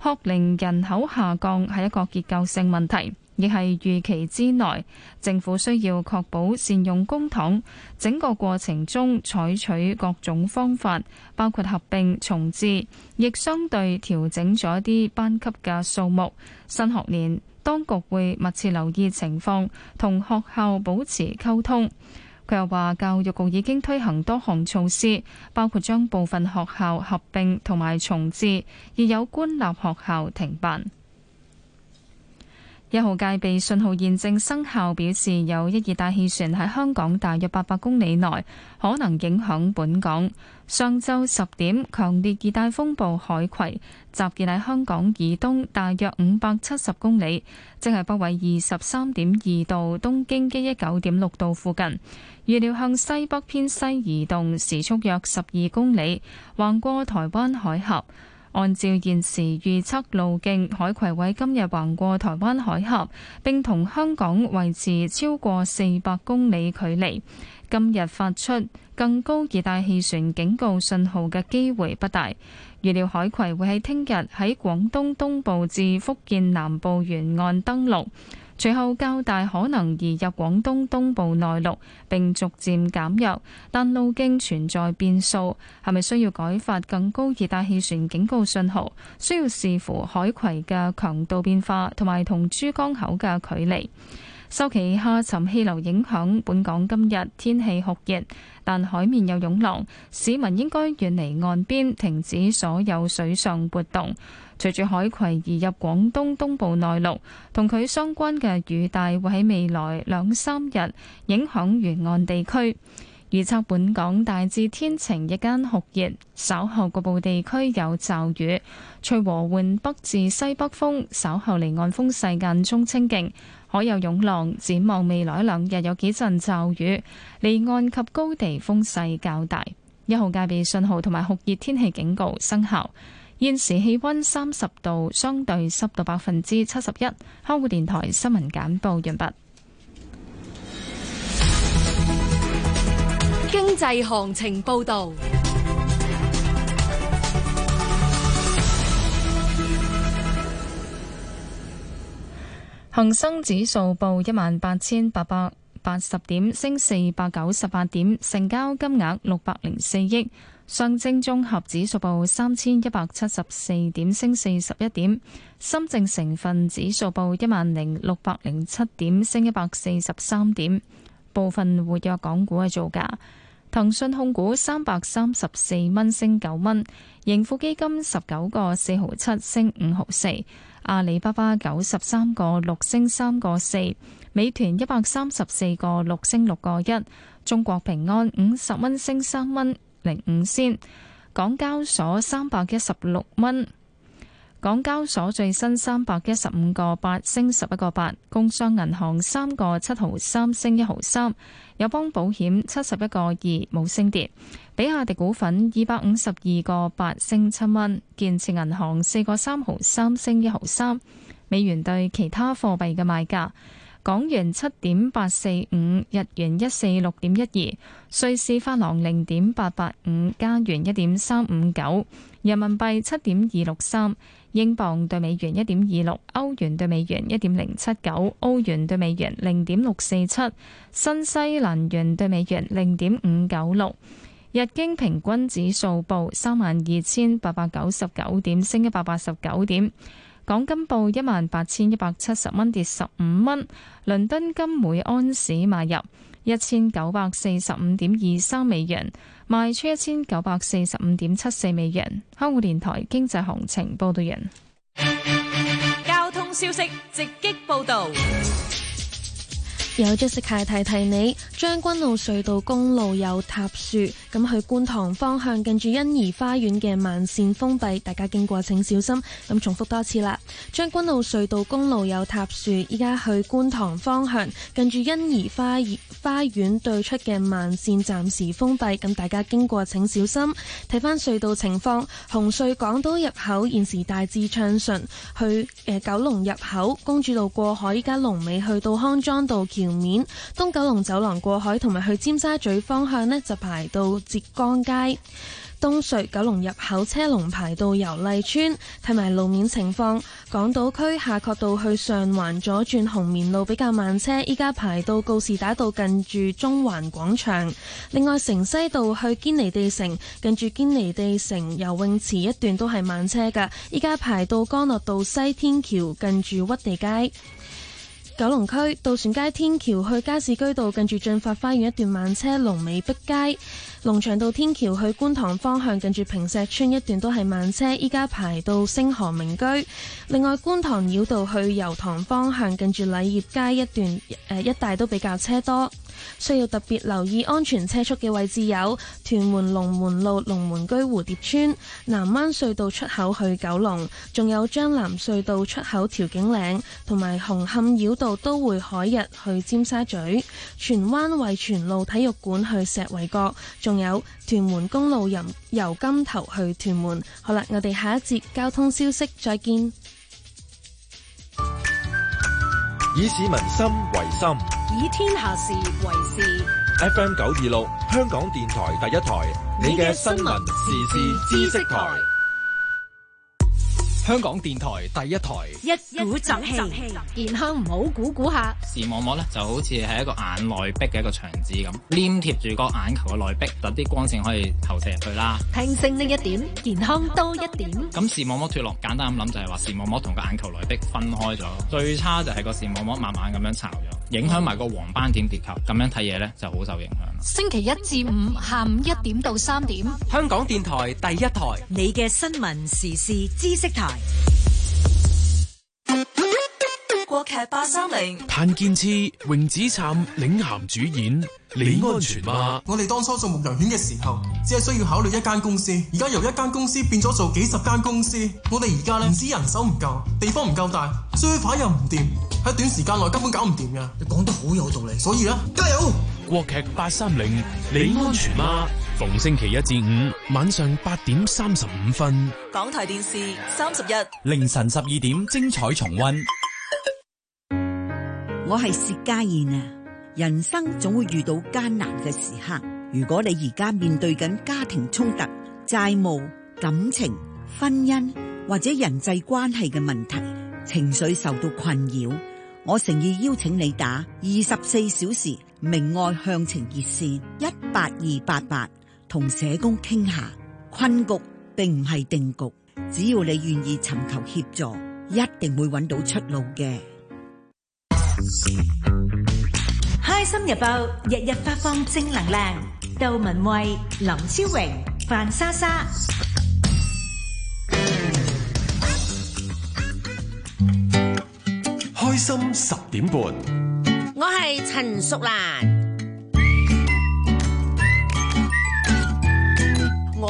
學齡人口下降係一個結構性問題。亦係預期之內，政府需要確保善用公帑，整個過程中採取各種方法，包括合併重置，亦相對調整咗一啲班級嘅數目。新學年當局會密切留意情況，同學校保持溝通。佢又話教育局已經推行多項措施，包括將部分學校合併同埋重置，而有官立學校停辦。一號戒備信號驗證生效，表示有一熱帶氣旋喺香港大約八百公里內，可能影響本港。上晝十點，強烈熱帶風暴海葵集結喺香港以東大約五百七十公里，即係北緯二十三點二度、東經一一九點六度附近。預料向西北偏西移動，時速約十二公里，橫過台灣海峽。按照現時預測路徑，海葵會今日橫過台灣海峽，並同香港維持超過四百公里距離。今日發出更高熱帶氣旋警告信號嘅機會不大。預料海葵會喺聽日喺廣東東部至福建南部沿岸登陸。隨後較大可能移入廣東東部內陸，並逐漸減弱，但路徑存在變數，係咪需要改發更高熱帶氣旋警告信號？需要視乎海葵嘅強度變化同埋同珠江口嘅距離。受其下沉氣流影響，本港今日天氣酷熱，但海面有湧浪，市民應該遠離岸邊，停止所有水上活動。隨住海葵移入廣東東部內陸，同佢相關嘅雨帶會喺未來兩三日影響沿岸地區。預測本港大致天晴，日間酷熱，稍後局部地區有驟雨。隨和緩北至西北風，稍後離岸風勢間中清勁，海有湧浪。展望未來兩日有幾陣驟雨，離岸及高地風勢較大。一號戒備信號同埋酷熱天氣警告生效。現時氣溫三十度，相對濕度百分之七十一。香港電台新聞簡報完畢。經濟行情報道：恒生指數報一萬八千八百八十點，升四百九十八點，成交金額六百零四億。上證綜合指數報三千一百七十四點，升四十一點；深證成分指數報一萬零六百零七點，升一百四十三點。部分活躍港股嘅造價，騰訊控股三百三十四蚊，升九蚊；盈富基金十九個四毫七，升五毫四；阿里巴巴九十三個六，升三個四；美團一百三十四個六，升六個一；中國平安五十蚊，升三蚊。零五先，港交所三百一十六蚊，港交所最新三百一十五個八，升十一個八，工商銀行三個七毫三，升一毫三，友邦保險七十一個二冇升跌，比亞迪股份二百五十二個八，升七蚊，建設銀行四個三毫三，升一毫三，美元兌其他貨幣嘅賣價。港元七點八四五，日元一四六點一二，瑞士法郎零點八八五，加元一點三五九，人民幣七點二六三，英鎊對美元一點二六，歐元對美元一點零七九，歐元對美元零點六四七，新西蘭元對美元零點五九六，日經平均指數報三萬二千八百九十九點，升一百八十九點。港金報一萬八千一百七十蚊，跌十五蚊。倫敦金每盎司買入一千九百四十五點二三美元，賣出一千九百四十五點七四美元。香港電台經濟行情報道員。交通消息直擊報道。有 Jessica 提提你，將軍澳隧道公路有塌樹，咁去觀塘方向近住欣怡花園嘅慢綫封閉，大家經過請小心。咁重複多次啦，將軍澳隧道公路有塌樹，依家去觀塘方向近住欣怡花花園對出嘅慢綫暫時封閉，咁大家經過請小心。睇翻隧道情況，紅隧港島入口現時大致暢順，去誒、呃、九龍入口公主道過海，依家龍尾去到康莊道橋。路面東九龍走廊過海同埋去尖沙咀方向呢，就排到浙江街，東隧九龍入口車龍排到油麗村，睇埋路面情況。港島區夏慤道去上環左轉紅棉路比較慢車，依家排到告士打道近住中環廣場。另外，城西道去堅尼地城近住堅尼地城游泳池一段都係慢車嘅，依家排到干諾道西天橋近住屈地街。九龍區渡船街天橋去加士居道近住駿發花園一段慢車，龍尾北街；龍翔道天橋去觀塘方向近住坪石邨一段都係慢車，依家排到星河明居。另外，觀塘繞道去油塘方向近住勵業街一段，誒、呃、一帶都比較車多。需要特別留意安全車速嘅位置有屯門龍門路龍門居蝴蝶村、南灣隧道出口去九龍，仲有將南隧道出口調景嶺同埋紅磡繞道都會海日去尖沙咀、荃灣惠泉路體育館去石圍角，仲有屯門公路任由金頭去屯門。好啦，我哋下一節交通消息再見。以市民心為心。以天下事為事。FM 九二六，香港電台第一台，你嘅新聞時事知識台。香港電台第一台。一鼓作氣，健康唔好估估下。視網膜咧就好似係一個眼內壁嘅一個牆紙咁，黏貼住個眼球嘅內壁，等啲光線可以投射入去啦。聽聲呢一點，健康多一點。咁視網膜脫落，簡單咁諗就係話視網膜同個眼球內壁分開咗。最差就係個視網膜慢慢咁樣巢。影響埋個黃斑點結構，咁樣睇嘢咧就好受影響啦。星期一至五下午一點到三點，香港電台第一台，你嘅新聞時事知識台，國劇八三零，譚建次、榮梓杉領銜主演。你安全嗎、啊？我哋當初做牧羊犬嘅時候，只係需要考慮一間公司。而家由一間公司變咗做幾十間公司，我哋而家咧唔知人手唔夠，地方唔夠大，最快又唔掂，喺短時間內根本搞唔掂㗎。你講得好有道理，所以咧、啊、加油！國劇八三零，你安全嗎、啊？全啊、逢星期一至五晚上八點三十五分，港台電視三十一，凌晨十二點精彩重溫。我係薛家燕啊！人生總會遇到艱難嘅時刻，如果你而家面對緊家庭衝突、債務、感情、婚姻或者人際關係嘅問題，情緒受到困擾，我誠意邀請你打二十四小時明愛向情熱線一八二八八，同社工傾下。困局並唔係定局，只要你願意尋求協助，一定會揾到出路嘅。 開心日報日日發放正能量，杜文慧、林超榮、范莎莎，開心十點半，我係陳淑蘭。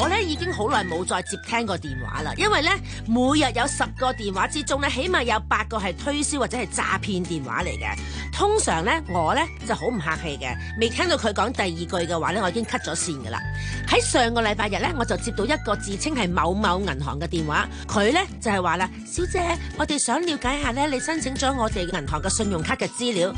我咧已經好耐冇再接聽過電話啦，因為咧每日有十個電話之中咧，起碼有八個係推銷或者係詐騙電話嚟嘅。通常咧，我咧就好唔客氣嘅，未聽到佢講第二句嘅話咧，我已經 cut 咗線噶啦。喺上個禮拜日咧，我就接到一個自稱係某某銀行嘅電話，佢咧就係話啦，小姐，我哋想了解下咧，你申請咗我哋銀行嘅信用卡嘅資料。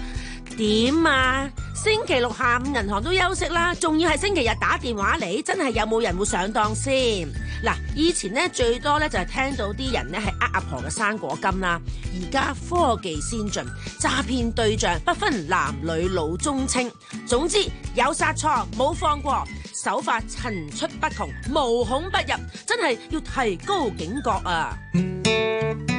點啊？星期六下午銀行都休息啦，仲要係星期日打電話嚟，真係有冇人會上當先？嗱，以前咧最多咧就係聽到啲人咧係呃阿婆嘅生果金啦，而家科技先進，詐騙對象不分男女老中青，總之有殺錯冇放過，手法層出不窮，無孔不入，真係要提高警覺啊！嗯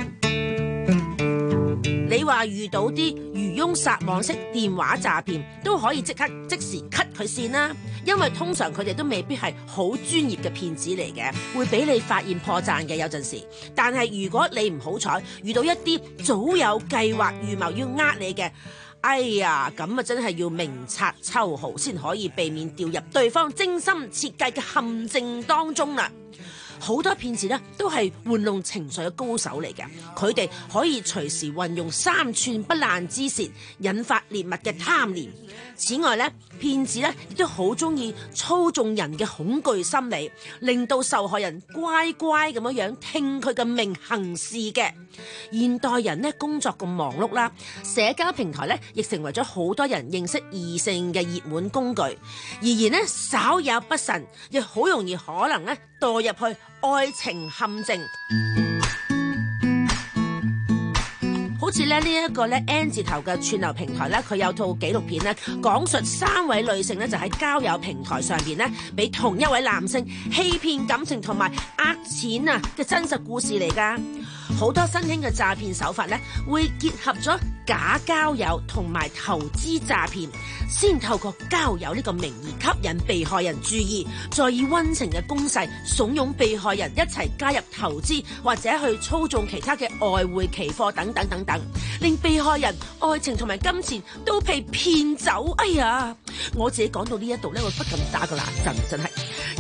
你話遇到啲漁翁撒網式電話詐騙，都可以即刻即時 cut 佢線啦，啊，因為通常佢哋都未必係好專業嘅騙子嚟嘅，會俾你發現破綻嘅有陣時。但係如果你唔好彩遇到一啲早有計劃預謀要呃你嘅，哎呀，咁啊真係要明察秋毫先可以避免掉入對方精心設計嘅陷阱當中啦。好多騙子咧都係玩弄情緒嘅高手嚟嘅，佢哋可以隨時運用三寸不爛之舌，引發獵物嘅貪念。此外咧，騙子咧亦都好中意操縱人嘅恐懼心理，令到受害人乖乖咁樣樣聽佢嘅命行事嘅。現代人咧工作咁忙碌啦，社交平台咧亦成為咗好多人認識異性嘅熱門工具，然而咧稍有不慎，亦好容易可能咧墮入去。愛情陷阱，好似咧呢一個咧 N 字頭嘅串流平台咧，佢有套紀錄片咧，講述三位女性咧就喺交友平台上邊咧，俾同一位男性欺騙感情同埋呃錢啊嘅真實故事嚟噶。好多新興嘅詐騙手法咧，會結合咗假交友同埋投資詐騙，先透過交友呢個名義吸引被害人注意，再以溫情嘅攻勢慫恿被害人一齊加入投資或者去操縱其他嘅外匯、期貨等等等等，令被害人愛情同埋金錢都被騙走。哎呀，我自己講到呢一度咧，我不禁打個冷震，真係。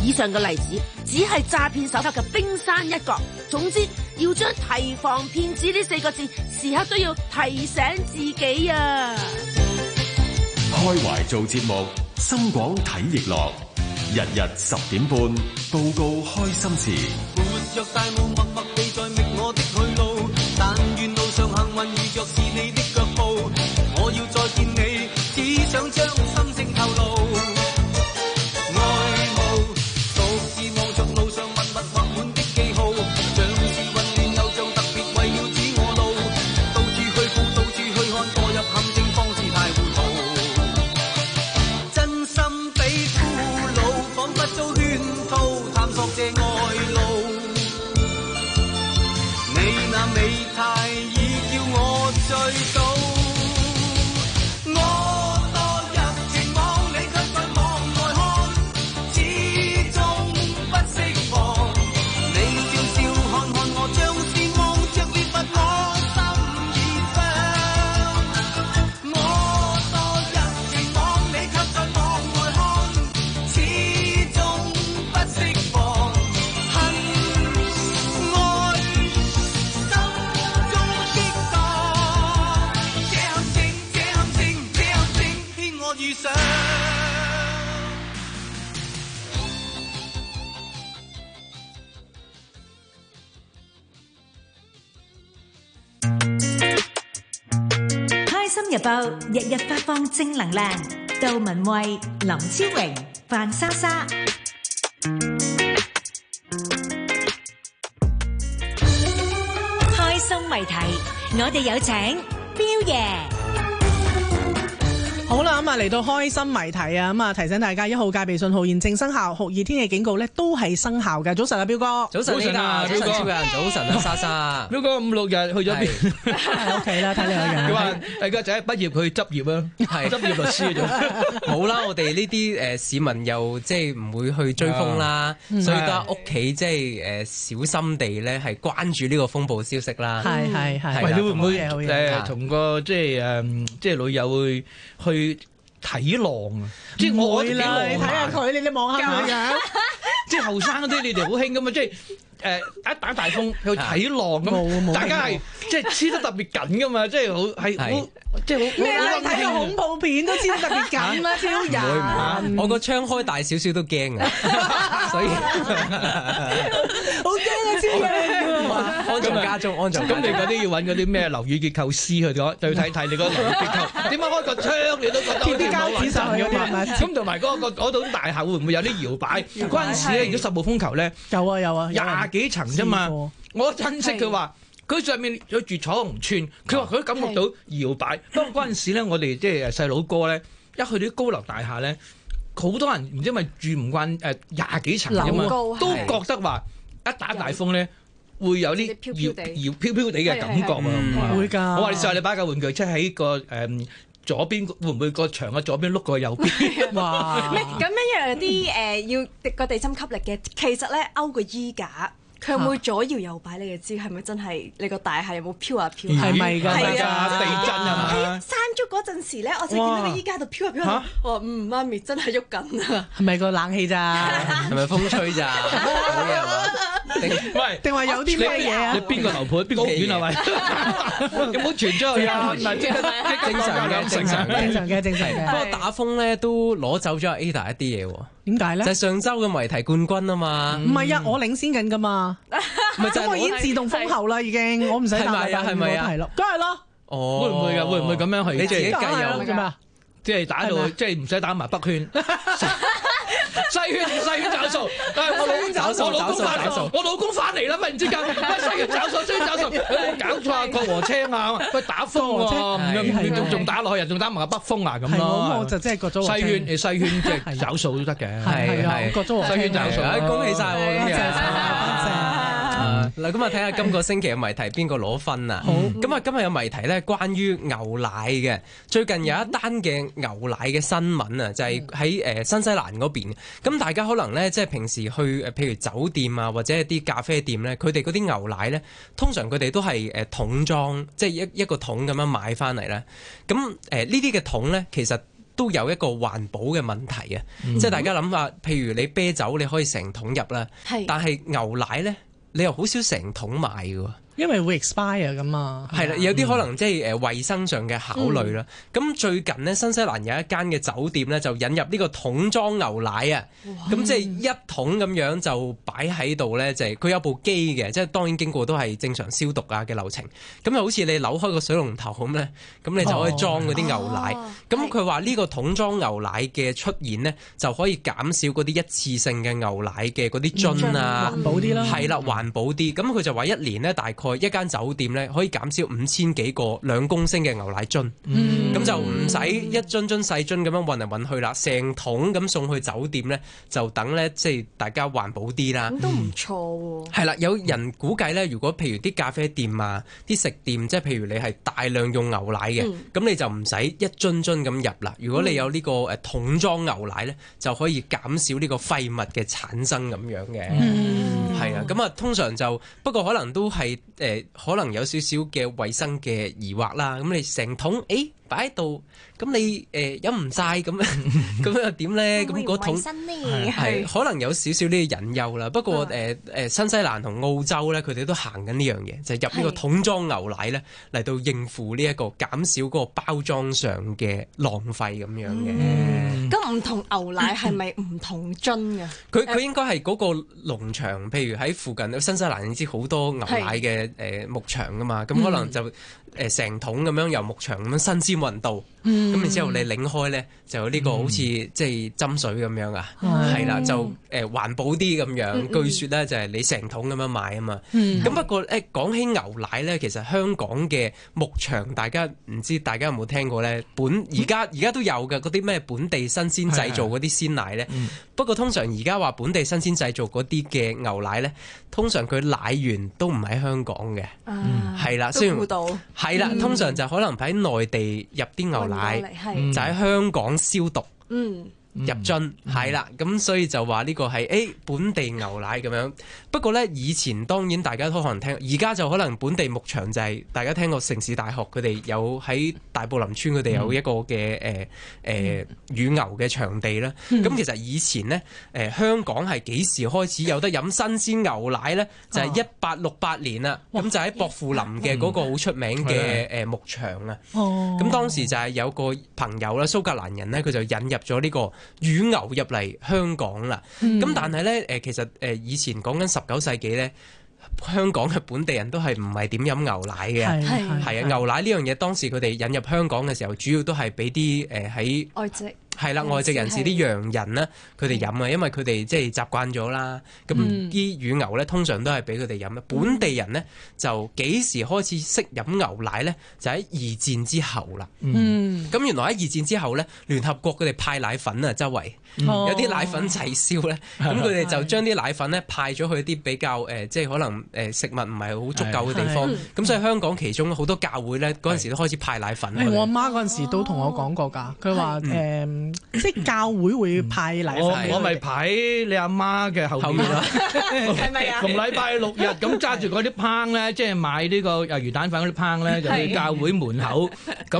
以上嘅例子只係詐騙手法嘅冰山一角，總之要將睇。預防騙子呢四個字，時刻都要提醒自己啊！開懷做節目，心廣體亦樂。日日十點半報告開心事。 日報日日發放正能量，杜文慧、林超榮、范莎莎，開心為題，我哋有請彪爺。好啦，咁啊嚟到開心謎題啊，咁啊提醒大家，一號戒備信號現正生效，酷熱天氣警告咧都係生效嘅。早晨啊，彪哥，早晨啊，彪哥，早晨啊，莎莎，彪哥五六日去咗邊？喺屋企啦，太靚人。佢話：誒個仔畢業去執業啦，係執業律師。冇啦，我哋呢啲誒市民又即係唔會去追風啦，所以而家屋企即係誒小心地咧係關注呢個風暴消息啦。係係係。餵！你會唔會誒同個即係誒即係旅遊會去？去睇浪啊！即係我哋叫睇下佢，你哋望下佢嘅。即係後生啲，你哋好興噶嘛？即係誒，一打大風去睇浪咁，啊、大家係即係黐得特別緊噶嘛？ 即係好係好。即係好咩？我睇個恐怖片都知得特別緊啦，超人。唔會！我個窗開大少少都驚啊，所以好驚啊，超驚啊！安靜家中，安靜。咁你嗰啲要揾嗰啲咩樓宇結構師去講，就睇睇你嗰個樓宇結構。點解開個窗你都覺得？貼啲膠紙上去，咁同埋嗰個嗰大廈會唔會有啲搖擺？關住咧，如果十號風球咧，有啊有啊，廿幾層啫嘛。我親戚佢話。佢上面有住彩虹邨，佢話佢都感覺到搖擺。不過嗰陣時咧，我哋即係細佬哥咧，一去啲高樓大廈咧，好多人唔知咪住唔慣，誒廿幾層啊嘛，都覺得話一打大風咧會有啲搖搖飄飄地嘅感覺啊！唔會㗎，我話你上下你擺架玩具車喺個誒左邊，會唔會個牆嘅左邊碌過去右邊？哇！唔係咁一樣啲誒要個地心吸力嘅，其實咧勾個衣架。佢會左搖右擺，你就知係咪真係你個大廈有冇飄啊飄？係咪㗎？地震啊嘛！山竹嗰陣時咧，我就見到你依家度飄啊飄。我話嗯，媽咪真係喐緊啊！係咪個冷氣咋？係咪風吹咋？定定話有啲咩嘢啊？你邊個樓盤？邊個屋苑啊？係咪？有冇傳出去啊？正常，正常嘅，正常嘅。不過打風咧，都攞走咗 Ada 一啲嘢喎。點解咧？就係上周嘅謎題冠軍啊嘛，唔係啊，我領先緊噶嘛，咁我已經自動封喉啦，已經我唔使打埋第二個題咯，梗係咯。會唔會噶？會唔會咁樣去？你自己計啊嘛，即係打到，即係唔使打埋北圈。細圈細圈找數，但係我老公找數我老公找數，我老公翻嚟啦，咪唔知咁，喂細圈找數，細圈找數，搞錯，過河車啊，佢打風喎，咁樣仲仲打落去，人仲打埋個北風啊咁咯，就真係過咗。細圈細圈即係找數都得嘅，係啊，過咗。細圈找數，恭喜晒，多謝，多謝。嗱咁啊，睇下、 嗯、今個星期嘅謎題，邊個攞分啊？好，咁啊，今日嘅謎題咧，關於牛奶嘅。最近有一單嘅牛奶嘅新聞啊，就係喺誒新西蘭嗰邊。咁大家可能咧，即係平時去誒，譬如酒店啊，或者一啲咖啡店咧，佢哋嗰啲牛奶咧，通常佢哋都係誒桶裝，即係一一個桶咁樣買翻嚟咧。咁誒，呢啲嘅桶咧，其實都有一個環保嘅問題啊。即係大家諗下，譬如你啤酒你可以成桶入啦，但係牛奶咧。你又好少成桶買㗎喎。因為會 expire 噶嘛，係啦、嗯，有啲可能即係誒衞生上嘅考慮啦。咁、嗯、最近呢，新西蘭有一間嘅酒店咧，就引入呢個桶裝牛奶啊。咁即係一桶咁樣就擺喺度咧，就係佢有部機嘅，即係當然經過都係正常消毒啊嘅流程。咁就好似你扭開個水龍頭咁咧，咁你就可以裝嗰啲牛奶。咁佢話呢個桶裝牛奶嘅出現呢，就可以減少嗰啲一次性嘅牛奶嘅嗰啲樽啊、嗯嗯，環保啲啦，係啦、嗯，環保啲。咁佢就話一年呢，大。一間酒店咧，可以減少五千幾個兩公升嘅牛奶樽，咁、嗯、就唔使一樽樽細樽咁樣運嚟運去啦，成桶咁送去酒店咧，就等咧，即係大家環保啲啦。嗯、都唔錯喎。係啦，有人估計咧，如果譬如啲咖啡店啊，啲食店，即係譬如你係大量用牛奶嘅，咁、嗯、你就唔使一樽樽咁入啦。如果你有呢個誒桶裝牛奶咧，就可以減少呢個廢物嘅產生咁樣嘅。係啊、嗯，咁啊、嗯，通常就不過可能都係。誒可能有少少嘅衞生嘅疑惑啦，咁你成桶誒，擺喺度，咁你誒飲唔晒，咁咁又點咧？咁嗰桶係可能有少少啲隱憂啦。不過誒誒，新西蘭同澳洲咧，佢哋都行緊呢樣嘢，就入呢個桶裝牛奶咧嚟到應付呢一個減少嗰個包裝上嘅浪費咁樣嘅。咁唔同牛奶係咪唔同樽嘅？佢佢應該係嗰個農場，譬如喺附近新西蘭，你知好多牛奶嘅誒牧場噶嘛，咁可能就。誒，成、呃、桶咁樣由牧場咁樣新鮮運到，咁然、嗯、之後你擰開呢，就有呢個好似、嗯、即係斟水咁樣啊，係啦、嗯，就誒環、呃、保啲咁樣。嗯、據說呢，就係你成桶咁樣買啊嘛，咁、嗯、不過咧，講起牛奶呢，其實香港嘅牧場，大家唔知大家有冇聽過呢？本而家而家都有嘅嗰啲咩本地新鮮製造嗰啲鮮奶呢。嗯、不過通常而家話本地新鮮製造嗰啲嘅牛奶呢，通常佢奶源都唔喺香港嘅，係啦、嗯，雖然，係啦，通常就可能喺內地入啲牛奶，嗯、就喺香港消毒。嗯嗯入樽係啦，咁所以就話呢個係誒、欸、本地牛奶咁樣。不過呢，以前當然大家都可能聽，而家就可能本地牧場就係、是、大家聽過城市大學佢哋有喺大埔林村佢哋有一個嘅誒誒乳牛嘅場地啦。咁、嗯、其實以前呢，誒、呃、香港係幾時開始有得飲新鮮牛奶呢？就係一八六八年啦，咁、哦、就喺薄扶林嘅嗰個好出名嘅誒牧場啊。咁、嗯嗯嗯嗯、當時就係有個朋友啦，蘇格蘭人呢，佢就引入咗呢、這個。乳牛入嚟香港啦，咁、嗯、但係呢，誒，其實誒，以前講緊十九世紀呢，香港嘅本地人都係唔係點飲牛奶嘅，係啊，牛奶呢樣嘢當時佢哋引入香港嘅時候，主要都係俾啲誒喺外籍係啦，外籍人士啲洋人咧，佢哋飲啊，因為佢哋即係習慣咗啦。咁啲乳牛咧，通常都係俾佢哋飲。本地人咧，就幾時開始識飲牛奶咧？就喺二戰之後啦。嗯。咁原來喺二戰之後咧，聯合國佢哋派奶粉啊，周圍有啲奶粉滯銷咧，咁佢哋就將啲奶粉咧派咗去啲比較誒，即係可能誒食物唔係好足夠嘅地方。咁所以香港其中好多教會咧，嗰陣時都開始派奶粉。我阿媽嗰陣時都同我講過㗎，佢話誒。即係教會會派嚟，我我咪排你阿媽嘅後邊啦，係咪啊？同禮拜六日咁揸住嗰啲烹咧，即係買呢個誒魚蛋粉嗰啲烹咧，就去教會門口咁就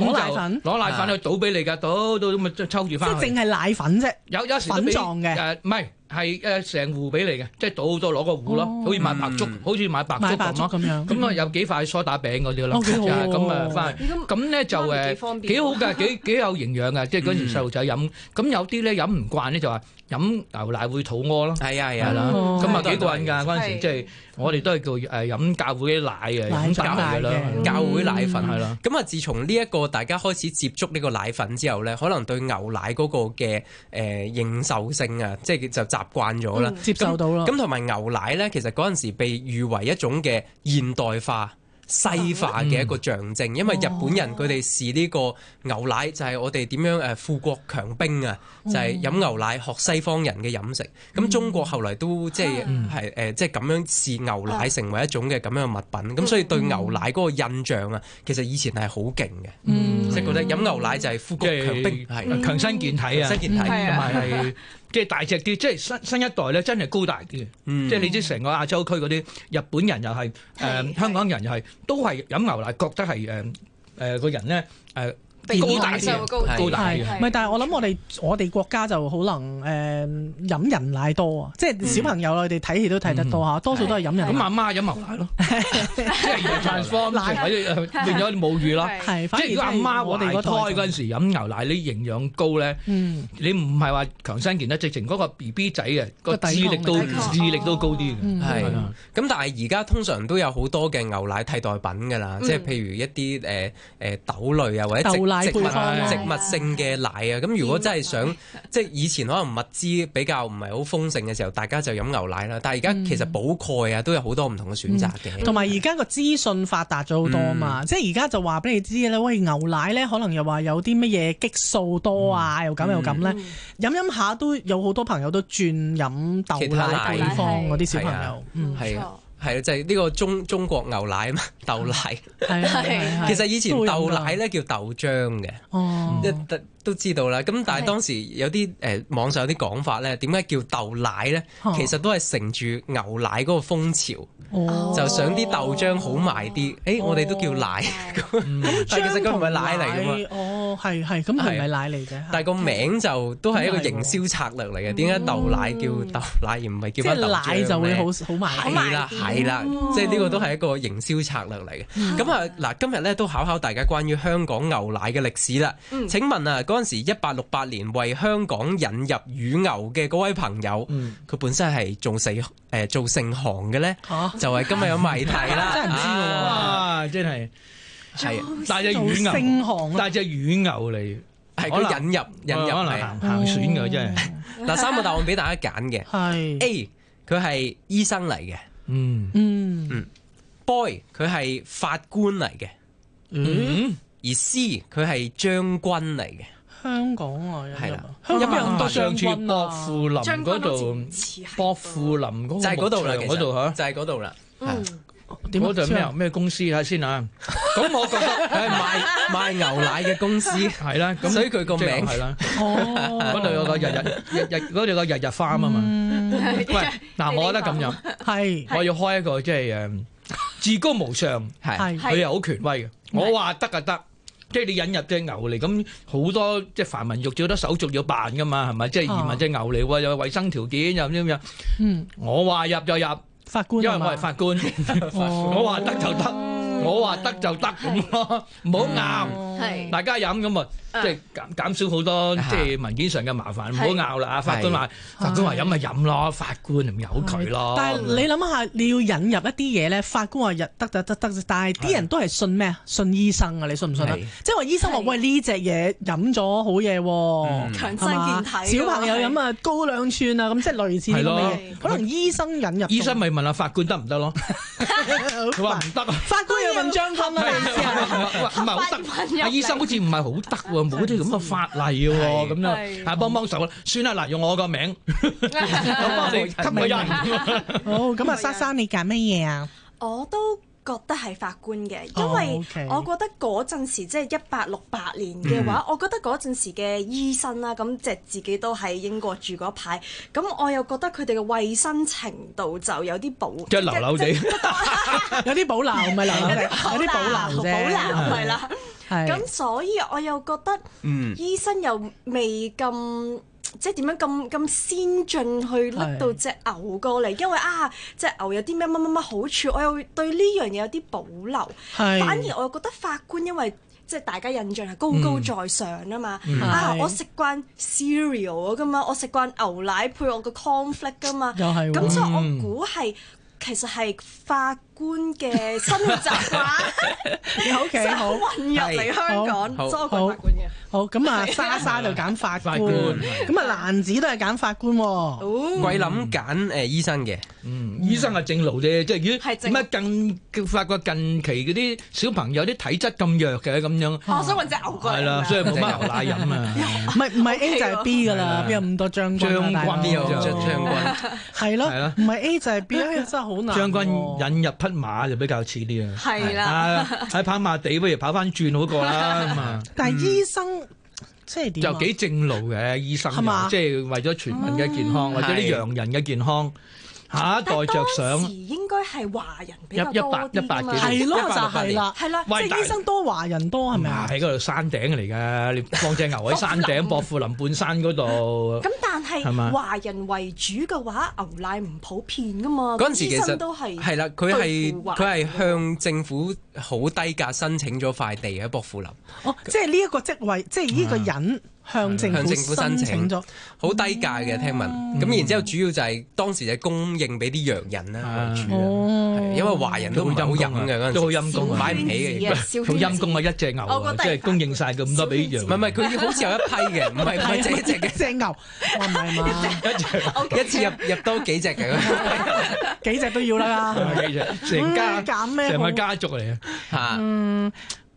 攞奶粉去倒俾你噶，倒到咁咪抽住翻。即係淨係奶粉啫，有有時你誒唔係。係誒成壺俾你嘅，即係倒咗攞個壺咯，好似、哦、買白粥，嗯、好似買白粥咁咯，咁啊、嗯、有幾塊梳打餅嗰啲咯，哦、就係咁啊翻去。咁咧就誒幾好㗎，幾幾有營養㗎， 即係嗰時細路仔飲。咁有啲咧飲唔慣咧就話，飲牛奶會肚屙咯，係啊係啊，咁啊的的幾多人㗎嗰陣時，即係我哋都係叫誒飲、呃、教會啲奶嘅，飲教會嘅教會奶粉係啦。咁啊，自從呢一個大家開始接觸呢個奶粉之後咧，可能對牛奶嗰個嘅誒認受性啊，即係就習慣咗啦、嗯，接受到啦。咁同埋牛奶咧，其實嗰陣時被譽為一種嘅現代化，西化嘅一個象徵，因為日本人佢哋試呢個牛奶，就係我哋點樣誒富國強兵啊，就係、係、飲牛奶學西方人嘅飲食。咁、嗯、中國後嚟都即係係誒，即係咁樣試牛奶成為一種嘅咁樣嘅物品。咁、嗯、所以對牛奶嗰個印象啊，其實以前係好勁嘅，即係、嗯、覺得飲牛奶就係富國強兵，係、嗯、強身健體啊，強身健體同埋係。嗯 即係大隻啲，即係新新一代咧，真係高大啲嘅。嗯、即係你知成個亞洲區嗰啲日本人又係，誒、呃、香港人又係，都係飲牛奶覺得係誒誒個人咧誒。呃高大啲，係咪？但係我諗我哋我哋國家就可能誒飲人奶多啊！即係小朋友啦，佢哋睇戲都睇得多啊，多數都係飲人奶。咁阿媽飲牛奶咯，即係液態方奶，變咗母乳啦。係，即係如果阿媽我哋個胎嗰陣時飲牛奶，你營養高咧，你唔係話強身健體，直情嗰個 B B 仔嘅個智力都智力都高啲嘅。係啦，咁但係而家通常都有好多嘅牛奶替代品㗎啦，即係譬如一啲誒誒豆類啊，或者。植物植物性嘅奶啊，咁如果真係想即係以前可能物資比較唔係好豐盛嘅時候，大家就飲牛奶啦。但係而家其實補鈣啊都有好多唔同嘅選擇嘅。同埋而家個資訊發達咗好多啊嘛，即係而家就話俾你知啦，喂，牛奶咧可能又話有啲乜嘢激素多啊，又咁又咁咧，飲飲下都有好多朋友都轉飲豆奶配方嗰啲小朋友，唔係啊，就係、是、呢個中中國牛奶啊嘛，豆奶係啊， 其實以前豆奶咧叫豆漿嘅哦。都知道啦，咁但係當時有啲誒網上有啲講法咧，點解叫豆奶咧？其實都係承住牛奶嗰個風潮，就想啲豆漿好賣啲。誒，我哋都叫奶，但其實佢唔係奶嚟嘅嘛。哦，係係，咁係唔係奶嚟嘅？但係個名就都係一個營銷策略嚟嘅。點解豆奶叫豆奶而唔係叫翻豆漿咧？即係奶就會好好賣。係啦，係啦，即係呢個都係一個營銷策略嚟嘅。咁啊，嗱，今日咧都考考大家關於香港牛奶嘅歷史啦。請問啊？嗰陣時，一八六八年為香港引入乳牛嘅嗰位朋友，佢本身係做聖誒做聖行嘅咧，就係今日有謎題啦。真係，真係係帶隻乳牛，帶隻乳牛嚟，係佢引入引入嚟行難選嘅，真係。嗱，三個答案俾大家揀嘅係 A，佢係醫生嚟嘅，嗯嗯嗯，B 佢係法官嚟嘅，嗯，而 C 佢係將軍嚟嘅。香港啊，有啦，有冇上次博富林嗰度？博富林嗰度就係嗰度啦，嗰度嗬，就係嗰度啦。點嗰度咩咩公司？睇下先啊。咁我覺得係賣賣牛奶嘅公司係啦，所以佢個名係啦。哦，嗰度有個日日日日，嗰度個日日翻啊嘛。喂，嗱，我覺得咁樣係，我要開一個即係誒至高無上，係佢又好權威嘅。我話得啊，得。即係你引入隻牛嚟，咁好多即係繁文縟節，好多手續要辦㗎嘛，係咪？即係移民隻牛嚟喎，哦、又有衞生條件又咁樣？嗯，我話入就入，法官，法官，因為、哦、 我係法官，我話得就得。 我話得就得咁咯，唔好拗，大家飲咁啊，即係減減少好多即係文件上嘅麻煩，唔好拗啦啊！法官話，法官話飲咪飲咯，法官唔由佢咯。但係你諗下，你要引入一啲嘢咧，法官話入得得得得，但係啲人都係信咩？信醫生啊！你信唔信啊？即係話醫生話喂呢隻嘢飲咗好嘢，強身健體，小朋友飲啊高兩寸啊，咁即係類似啲嘅嘢。可能醫生引入，醫生咪問下法官得唔得咯？佢話唔得，法官又。文章咁啊，唔係得翻嘅。醫生好似唔係好得喎，冇啲咁嘅法例喎，咁樣啊幫幫手啦。算啦，嗱，用我個名，咁幫、oh，你吸引人。好，咁啊，莎莎你揀乜嘢啊？我都。覺得係法官嘅，因為我覺得嗰陣時即係一八六八年嘅話，嗯、我覺得嗰陣時嘅醫生啦，咁即係自己都喺英國住嗰排，咁我又覺得佢哋嘅衞生程度就有啲保，即係流流地， 有啲保留唔係留， 有啲保留啫，係啦， 咁的所以我又覺得醫生又未咁。即係點樣咁咁先進去甩到隻牛過嚟？因為啊，隻牛有啲乜乜乜乜好處？我又對呢樣嘢有啲保留，反而我又覺得法官因為即係大家印象係高高在上啊嘛，啊我食慣 cereal 噶嘛，我食慣牛奶配我個 conflict 噶嘛，咁所以我估係其實係法官嘅生活習慣好混入嚟香港多過法官嘅。好咁啊，莎莎就揀法官，咁啊蘭子都係揀法官。哦，桂林揀誒醫生嘅，嗯，醫生係正路啫，即、就、係、是呃、正如果咩近發覺近期嗰啲小朋友啲體質咁弱嘅咁樣。我想問隻牛骨。係啦、哦，所以冇乜牛，牛奶飲、嗯、啊。唔係唔係 A 就係 B 噶啦，邊的有咁多將軍，軍？將軍邊有將軍？係咯， 唔係 A 就係 B，、A、真係好難。將 軍引入匹馬就比較似啲 啊。係、啊、啦，喺跑馬地不如跑翻轉好過啦，咁啊。但係醫生。即係、啊、就幾正路嘅醫生，吧即係為咗全民嘅健康或者啲洋人嘅健康。啊下一代着想，當時應該係華人比較多啲啦，係咯，就係啦，係啦，喂即係醫生多華人多係咪人啊？喺嗰度山頂嚟㗎，你放隻牛喺山頂薄 扶林半山嗰度。咁 但係華人為主嘅話，牛奶唔普遍噶嘛？嗰陣時其實都係，係啦，佢係佢係向政府好低價申請咗塊地喺薄扶林。哦，即係呢一個職位，即係呢個人，嗯向政府申請咗，好低價嘅聽聞。咁然之後，主要就係當時就供應俾啲洋人啦。哦，因為華人都好陰嘅，都好陰功，買唔起嘅，好陰功啊！一隻牛即係供應曬咁多俾洋。唔係唔係，佢好似有一批嘅，唔係唔係一隻一隻牛。一隻，一次入入多幾隻嘅？幾隻都要啦。成家，成個家族嚟嘅。嗯，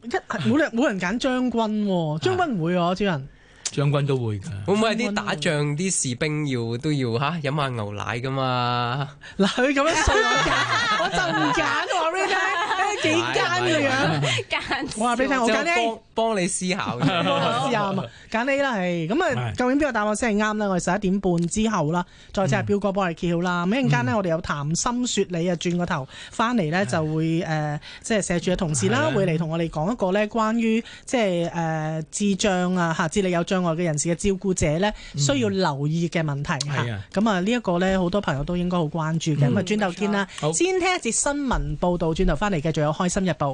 一冇人冇人揀將軍喎，將軍唔會喎，主人。將軍都會㗎，會唔會係啲打仗啲士兵要都要嚇飲下牛奶㗎嘛？嗱， 佢咁樣衰㗎，我真㗎，我話畀你聽。幾奸嘅樣，奸！我話俾你聽，我揀 A，幫你思考，思考揀 A 啦，係咁啊！究竟邊個答案先係啱呢？我哋十一點半之後啦，再請阿標哥幫你揭曉啦。咁一陣間呢，我哋有談心説理啊，轉個頭翻嚟呢，就會誒，即係社署嘅同事啦，會嚟同我哋講一個呢，關於即係誒智障啊嚇、智力有障礙嘅人士嘅照顧者呢，需要留意嘅問題嚇。咁啊，呢一個呢，好多朋友都應該好關注嘅。咁啊，轉頭見啦，先聽一節新聞報道，轉頭翻嚟繼續有。《開心日報》。